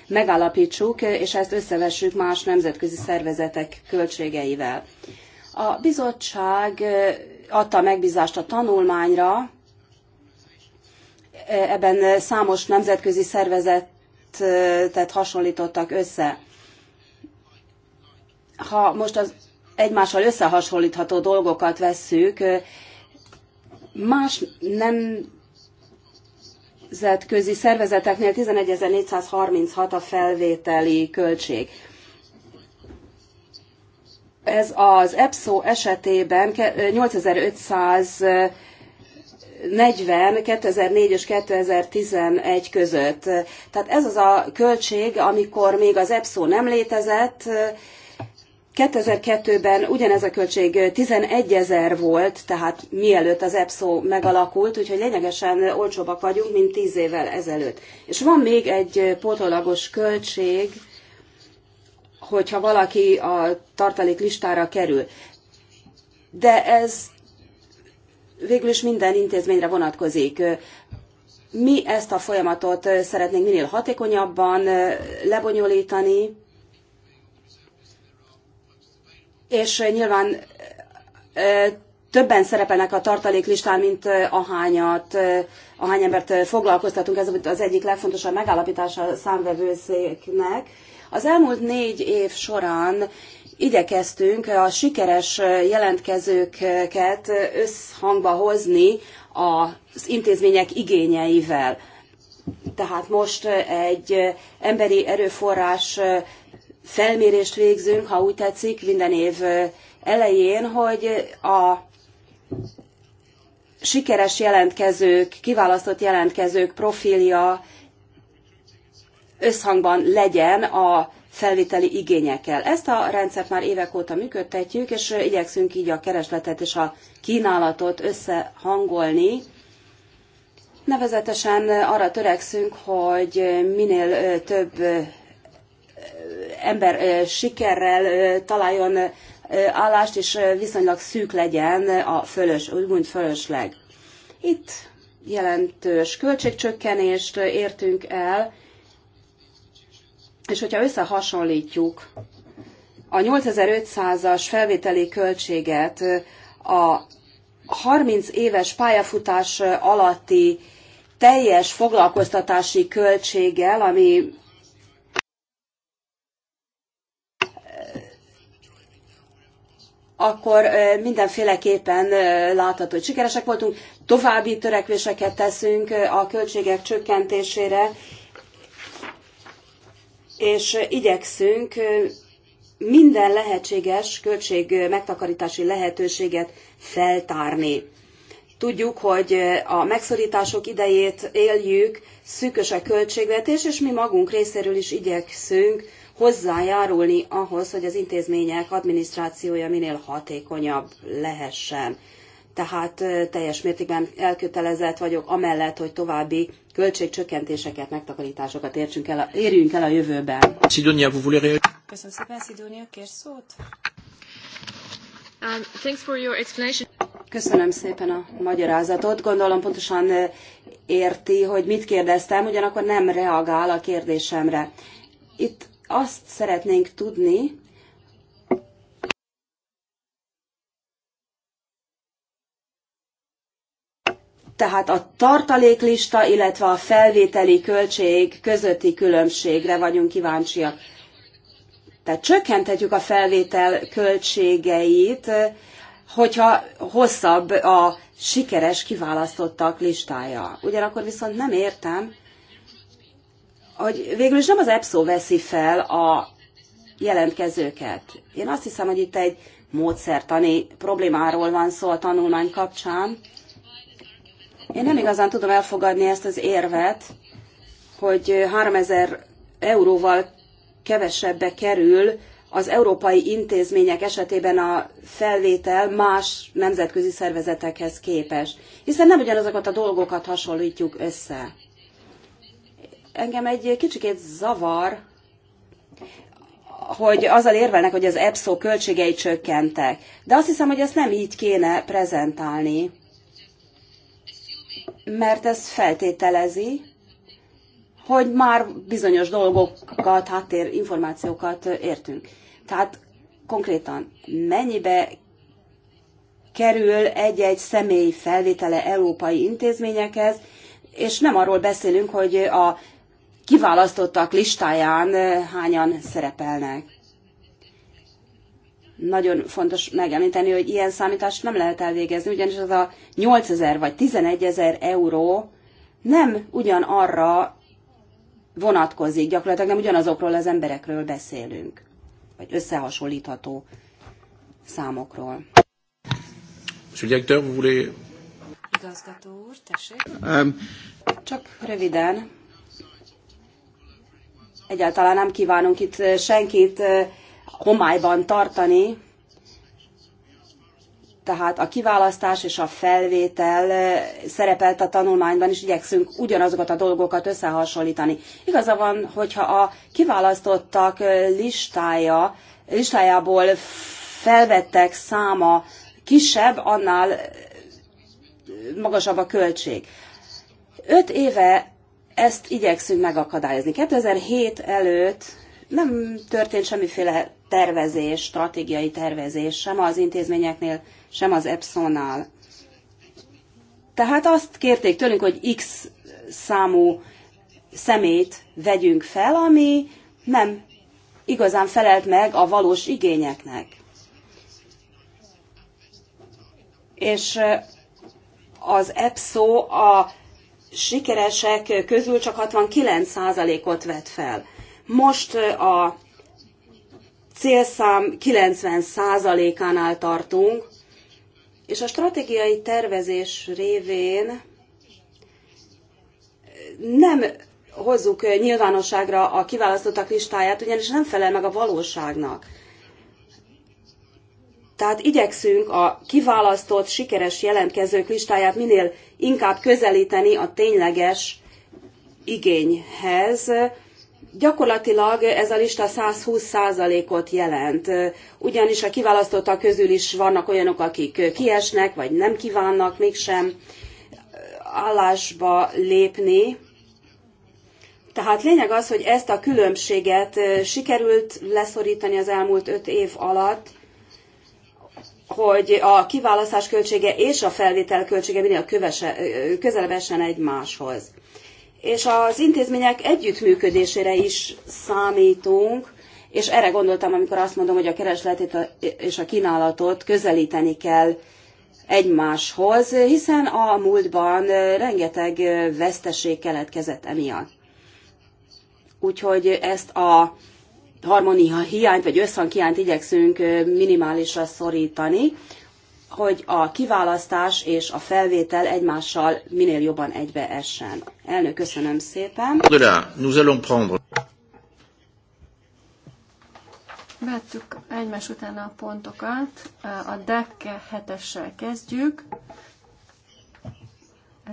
megállapítsuk, és ezt összevessük más nemzetközi szervezetek költségeivel. A bizottság adta megbízást a tanulmányra, ebben számos nemzetközi szervezetet hasonlítottak össze. Ha most az egymással összehasonlítható dolgokat vesszük, más nemzetközi szervezeteknél 11.436 a felvételi költség. Ez az EPSO esetében 8540 40, 2004 és 2011 között. Tehát ez az a költség, amikor még az EPSO nem létezett, 2002-ben ugyanez a költség 11 ezer volt, tehát mielőtt az EPSO megalakult, úgyhogy lényegesen olcsóbbak vagyunk, mint 10 évvel ezelőtt. És van még egy pótolagos költség, hogyha valaki a tartalék listára kerül. De ez végül is minden intézményre vonatkozik. Mi ezt a folyamatot szeretnénk minél hatékonyabban lebonyolítani, és nyilván többen szerepelnek a tartaléklistán, mint ahányat, ahány embert foglalkoztatunk. Ez az egyik legfontosabb megállapítása a számvevőszéknek. Az elmúlt négy év során igyekeztünk a sikeres jelentkezőket összhangba hozni az intézmények igényeivel. Tehát most egy emberi erőforrás felmérést végzünk, ha úgy tetszik, minden év elején, hogy a sikeres jelentkezők, kiválasztott jelentkezők profilja összhangban legyen a felvételi igényekkel. Ezt a rendszert már évek óta működtetjük, és igyekszünk így a keresletet és a kínálatot összehangolni. Nevezetesen arra törekszünk, hogy minél több ember sikerrel találjon állást, és viszonylag szűk legyen a fölös, úgymond fölösleg. Itt jelentős költségcsökkenést értünk el, és hogyha összehasonlítjuk a 8500-as felvételi költséget a 30 éves pályafutás alatti teljes foglalkoztatási költséggel, ami akkor mindenféleképpen látható, hogy sikeresek voltunk, további törekvéseket teszünk a költségek csökkentésére, és igyekszünk minden lehetséges költség megtakarítási lehetőséget feltárni. Tudjuk, hogy a megszorítások idejét éljük, szűkös a költségvetés, és mi magunk részéről is igyekszünk hozzájárulni ahhoz, hogy az intézmények adminisztrációja minél hatékonyabb lehessen tehát teljes mértékben elkötelezett vagyok amellett, hogy további költségcsökkentéseket, megtakarításokat értsünk el, érjünk el a jövőben. Sidonia, vous voulez Köszönöm szépen, Sidonia, kér szót? Um, thanks for your explanation. Köszönöm szépen a magyarázatot. Gondolom pontosan érti, hogy mit kérdeztem, ugyanakkor nem reagál a kérdésemre. Itt azt szeretnénk tudni, tehát a tartaléklista, illetve a felvételi költség közötti különbségre vagyunk kíváncsiak. Tehát csökkenthetjük a felvétel költségeit, hogyha hosszabb a sikeres kiválasztottak listája. Ugyanakkor viszont nem értem, hogy végül is nem az EPSZO veszi fel a jelentkezőket. Én azt hiszem, hogy itt egy módszertani problémáról van szó a tanulmány kapcsán, én nem igazán tudom elfogadni ezt az érvet, hogy 3000 euróval kevesebbe kerül az európai intézmények esetében a felvétel más nemzetközi szervezetekhez képest, hiszen nem ugyanazokat a dolgokat hasonlítjuk össze. Engem egy kicsikét zavar, hogy azzal érvelnek, hogy az EPSZO költségei csökkentek. De azt hiszem, hogy ezt nem így kéne prezentálni mert ez feltételezi, hogy már bizonyos dolgokat, információkat értünk. Tehát konkrétan mennyibe kerül egy-egy személy felvétele európai intézményekhez, és nem arról beszélünk, hogy a kiválasztottak listáján hányan szerepelnek nagyon fontos megemlíteni, hogy ilyen számítást nem lehet elvégezni, ugyanis az a 8000 vagy 11000 euró nem ugyanarra vonatkozik, gyakorlatilag nem ugyanazokról az emberekről beszélünk, vagy összehasonlítható számokról. Igazgató úr, tessék. Um. Csak röviden. Egyáltalán nem kívánunk itt senkit homályban tartani, tehát a kiválasztás és a felvétel szerepelt a tanulmányban, és igyekszünk ugyanazokat a dolgokat összehasonlítani. Igaza van, hogyha a kiválasztottak listája, listájából felvettek száma kisebb, annál magasabb a költség. Öt éve ezt igyekszünk megakadályozni. 2007 előtt nem történt semmiféle tervezés, stratégiai tervezés sem az intézményeknél, sem az Epsonnál. Tehát azt kérték tőlünk, hogy X számú szemét vegyünk fel, ami nem igazán felelt meg a valós igényeknek. És eh, az EPSO a sikeresek közül csak 69%-ot vett fel. Most eh, a célszám 90%-ánál tartunk, és a stratégiai tervezés révén nem hozzuk nyilvánosságra a kiválasztottak listáját, ugyanis nem felel meg a valóságnak. Tehát igyekszünk a kiválasztott, sikeres jelentkezők listáját minél inkább közelíteni a tényleges igényhez, Gyakorlatilag ez a lista 120%-ot jelent, ugyanis a kiválasztottak közül is vannak olyanok, akik kiesnek, vagy nem kívánnak mégsem állásba lépni. Tehát lényeg az, hogy ezt a különbséget sikerült leszorítani az elmúlt öt év alatt, hogy a kiválasztás költsége és a felvétel költsége minél közelebb essen egymáshoz és az intézmények együttműködésére is számítunk, és erre gondoltam, amikor azt mondom, hogy a keresletet és a kínálatot közelíteni kell egymáshoz, hiszen a múltban rengeteg veszteség keletkezett emiatt. Úgyhogy ezt a harmónia hiányt, vagy összhang hiányt igyekszünk minimálisra szorítani hogy a kiválasztás és a felvétel egymással minél jobban egybeessen. Elnök, köszönöm szépen. nous allons prendre. Vettük egymás után a pontokat. A DEC 7 kezdjük.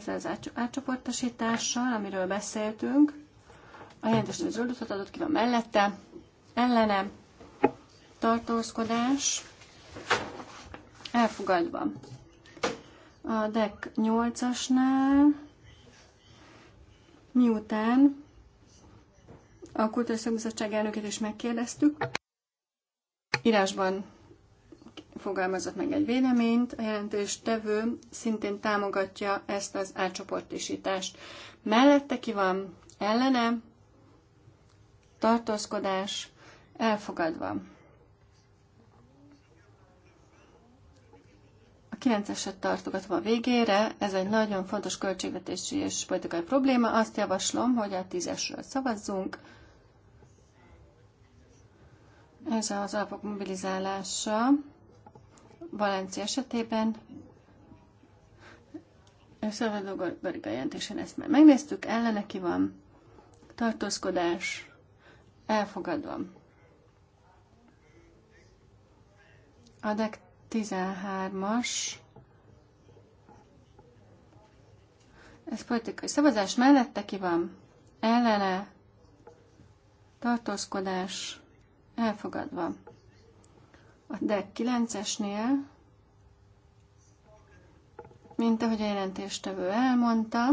Ez az átcsoportosítással, amiről beszéltünk. A jelentésnél zöld adott ki van mellette. Ellenem tartózkodás Elfogadva. A deck 8-asnál, miután a Kultúra Szakbizottság elnöket is megkérdeztük, írásban fogalmazott meg egy véleményt, a jelentéstevő szintén támogatja ezt az átcsoportosítást. Mellette ki van ellene, tartózkodás elfogadva. 9-eset tartogatva a végére, ez egy nagyon fontos költségvetési és politikai probléma. Azt javaslom, hogy a 10-esről szavazzunk. Ez az alapok mobilizálása Valencia esetében. Salvador Garriga jelentésen ezt már megnéztük, ellene ki van tartózkodás elfogadom. A 13-as. Ez politikai szavazás mellette ki van? Ellene? Tartózkodás? Elfogadva. A DEC 9-esnél, mint ahogy a jelentéstevő elmondta,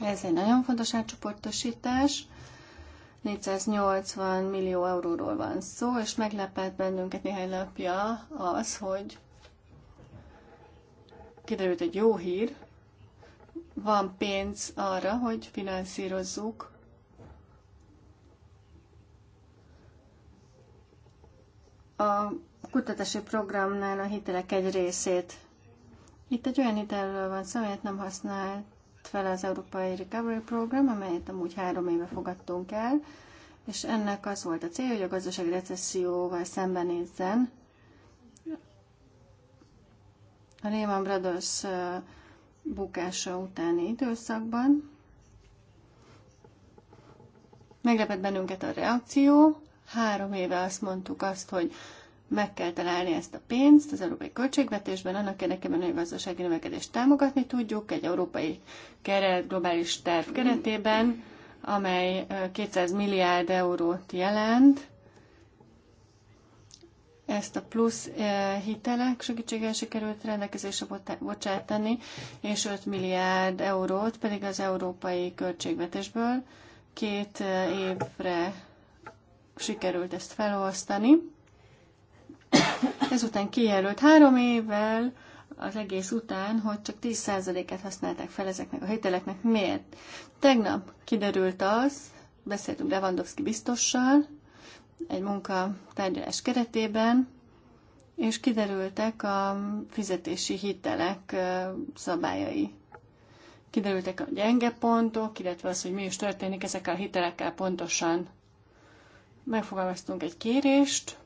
ez egy nagyon fontos átcsoportosítás, 480 millió euróról van szó, és meglepett bennünket néhány napja az, hogy kiderült egy jó hír, van pénz arra, hogy finanszírozzuk a kutatási programnál a hitelek egy részét. Itt egy olyan hitelről van szó, amelyet nem használt fel az Európai Recovery Program, amelyet amúgy három éve fogadtunk el, és ennek az volt a célja, hogy a gazdasági recesszióval szembenézzen. A Lehman Brothers bukása utáni időszakban. Meglepett bennünket a reakció. Három éve azt mondtuk azt, hogy meg kell találni ezt a pénzt az európai költségvetésben, annak érdekében, hogy a gazdasági növekedést támogatni tudjuk, egy európai keret, globális terv keretében, amely 200 milliárd eurót jelent. Ezt a plusz hitelek segítséggel sikerült rendelkezésre bocsátani, és 5 milliárd eurót pedig az európai költségvetésből két évre sikerült ezt felosztani ezután kijelölt három évvel az egész után, hogy csak 10%-et használták fel ezeknek a hiteleknek. Miért? Tegnap kiderült az, beszéltünk Lewandowski biztossal, egy tárgyalás keretében, és kiderültek a fizetési hitelek szabályai. Kiderültek a gyenge pontok, illetve az, hogy mi is történik ezekkel a hitelekkel pontosan. Megfogalmaztunk egy kérést,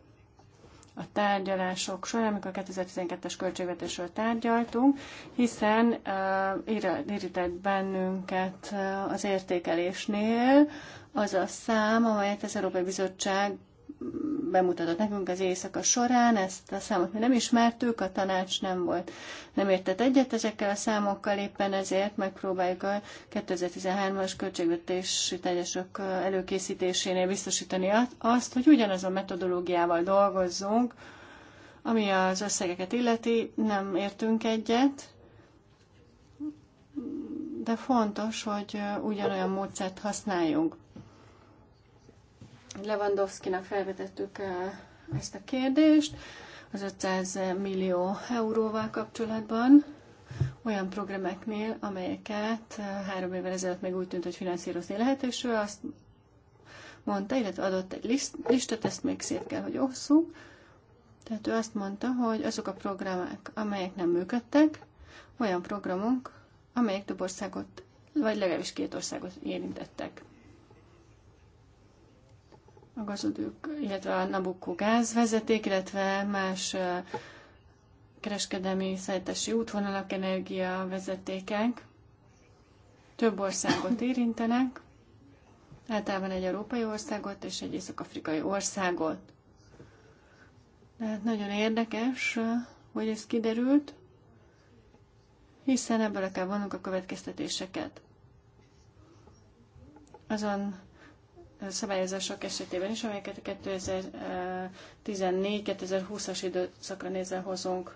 a tárgyalások során, amikor 2012-es költségvetésről tárgyaltunk, hiszen uh, irritett bennünket az értékelésnél az a szám, amelyet az Európai Bizottság bemutatott nekünk az éjszaka során, ezt a számot mi nem ismertük, a tanács nem volt, nem értett egyet ezekkel a számokkal, éppen ezért megpróbáljuk a 2013-as költségvetési tárgyasok előkészítésénél biztosítani azt, hogy ugyanazon metodológiával dolgozzunk, ami az összegeket illeti, nem értünk egyet, de fontos, hogy ugyanolyan módszert használjunk. Lewandowski-nak felvetettük eh, ezt a kérdést az 500 millió euróval kapcsolatban, olyan programeknél, amelyeket eh, három évvel ezelőtt még úgy tűnt, hogy finanszírozni lehet, és ő azt mondta, illetve adott egy list, listát, ezt még szét kell, hogy osszuk. Tehát ő azt mondta, hogy azok a programok, amelyek nem működtek, olyan programok, amelyek több országot, vagy legalábbis két országot érintettek a gazodők, illetve a Nabucco gázvezeték, illetve más kereskedelmi szállítási útvonalak, vezetékek. több országot érintenek, általában egy európai országot és egy észak-afrikai országot. Tehát nagyon érdekes, hogy ez kiderült, hiszen ebből kell vonnunk a következtetéseket. Azon szabályozások esetében is, amelyeket 2014-2020-as időszakra nézve hozunk.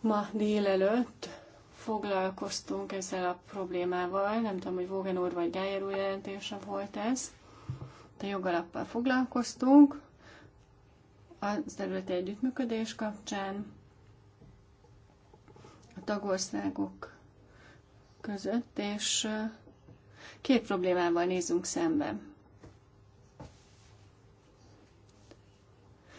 Ma délelőtt foglalkoztunk ezzel a problémával, nem tudom, hogy Vógen úr vagy Gájer úr jelentése volt ez, de jogalappal foglalkoztunk az területi együttműködés kapcsán a tagországok között, és Két problémával nézünk szembe.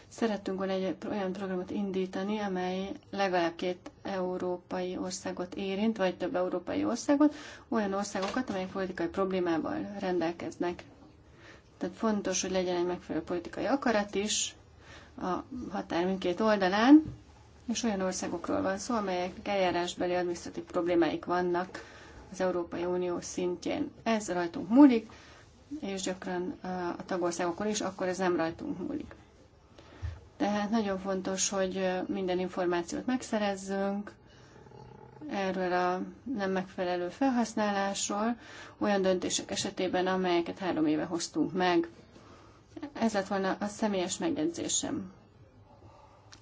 Szerettünk volna egy olyan programot indítani, amely legalább két európai országot érint, vagy több európai országot, olyan országokat, amelyek politikai problémával rendelkeznek. Tehát fontos, hogy legyen egy megfelelő politikai akarat is a határ mindkét oldalán, és olyan országokról van szó, amelyek eljárásbeli adminisztratív problémáik vannak, az Európai Unió szintjén. Ez rajtunk múlik, és gyakran a tagországokon is, akkor ez nem rajtunk múlik. Tehát nagyon fontos, hogy minden információt megszerezzünk erről a nem megfelelő felhasználásról, olyan döntések esetében, amelyeket három éve hoztunk meg. Ez lett volna a személyes megjegyzésem.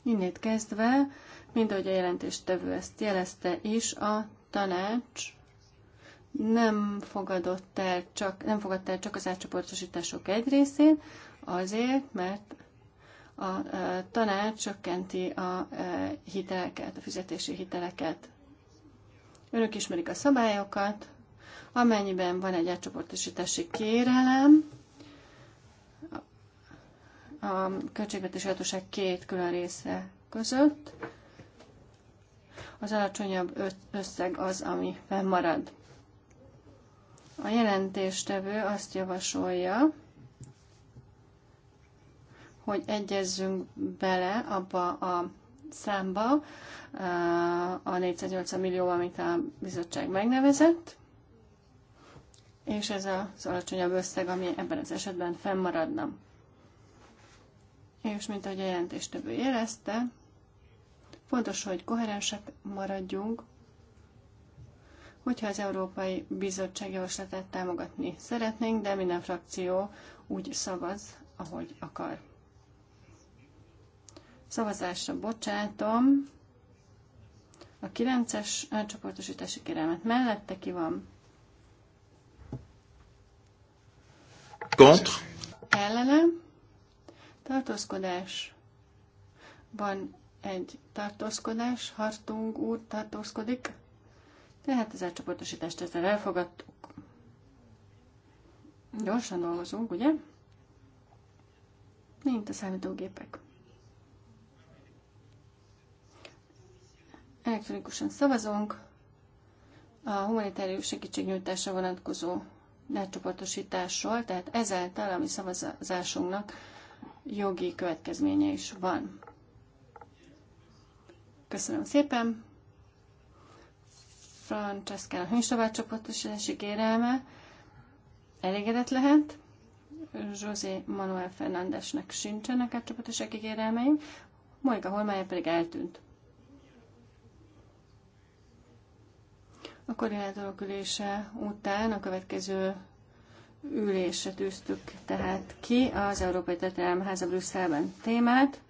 Innét kezdve, mind ahogy a jelentéstevő ezt jelezte is, a tanács nem fogadott el csak, nem fogadta el csak az átcsoportosítások egy részén, azért, mert a, a tanács csökkenti a, a e, hiteleket, a fizetési hiteleket. Önök ismerik a szabályokat, amennyiben van egy átcsoportosítási kérelem, a költségvetési hatóság két külön része között, az alacsonyabb összeg az, ami fennmarad. A jelentéstevő azt javasolja, hogy egyezzünk bele abba a számba, eh, a 480 millió, amit a bizottság megnevezett, és ez az alacsonyabb összeg, ami ebben az esetben fennmaradna. És mint ahogy a jelentéstevő jelezte, fontos, hogy koherensek maradjunk, hogyha az Európai Bizottság javaslatát támogatni szeretnénk, de minden frakció úgy szavaz, ahogy akar. Szavazásra bocsátom. A 9-es átcsoportosítási kérelmet mellette ki van? Contre. Ellene. Tartózkodás. Van egy tartózkodás, Hartung úr tartózkodik. Tehát az átcsoportosítást ezzel elfogadtuk. Gyorsan dolgozunk, ugye? Mint a számítógépek. Elektronikusan szavazunk. A humanitárius segítségnyújtásra vonatkozó átcsoportosításról, tehát ezáltal a mi szavazásunknak jogi következménye is van. Köszönöm szépen! Francescának nincs tovább csoportosítási kérelme, elégedett lehet. José Manuel Fernándesnek sincsenek átcsoportosítási kérelmeim, Monika Holmája pedig eltűnt. A koordinátorok ülése után a következő ülésre tűztük tehát ki az Európai Tetelem Háza Brüsszelben témát.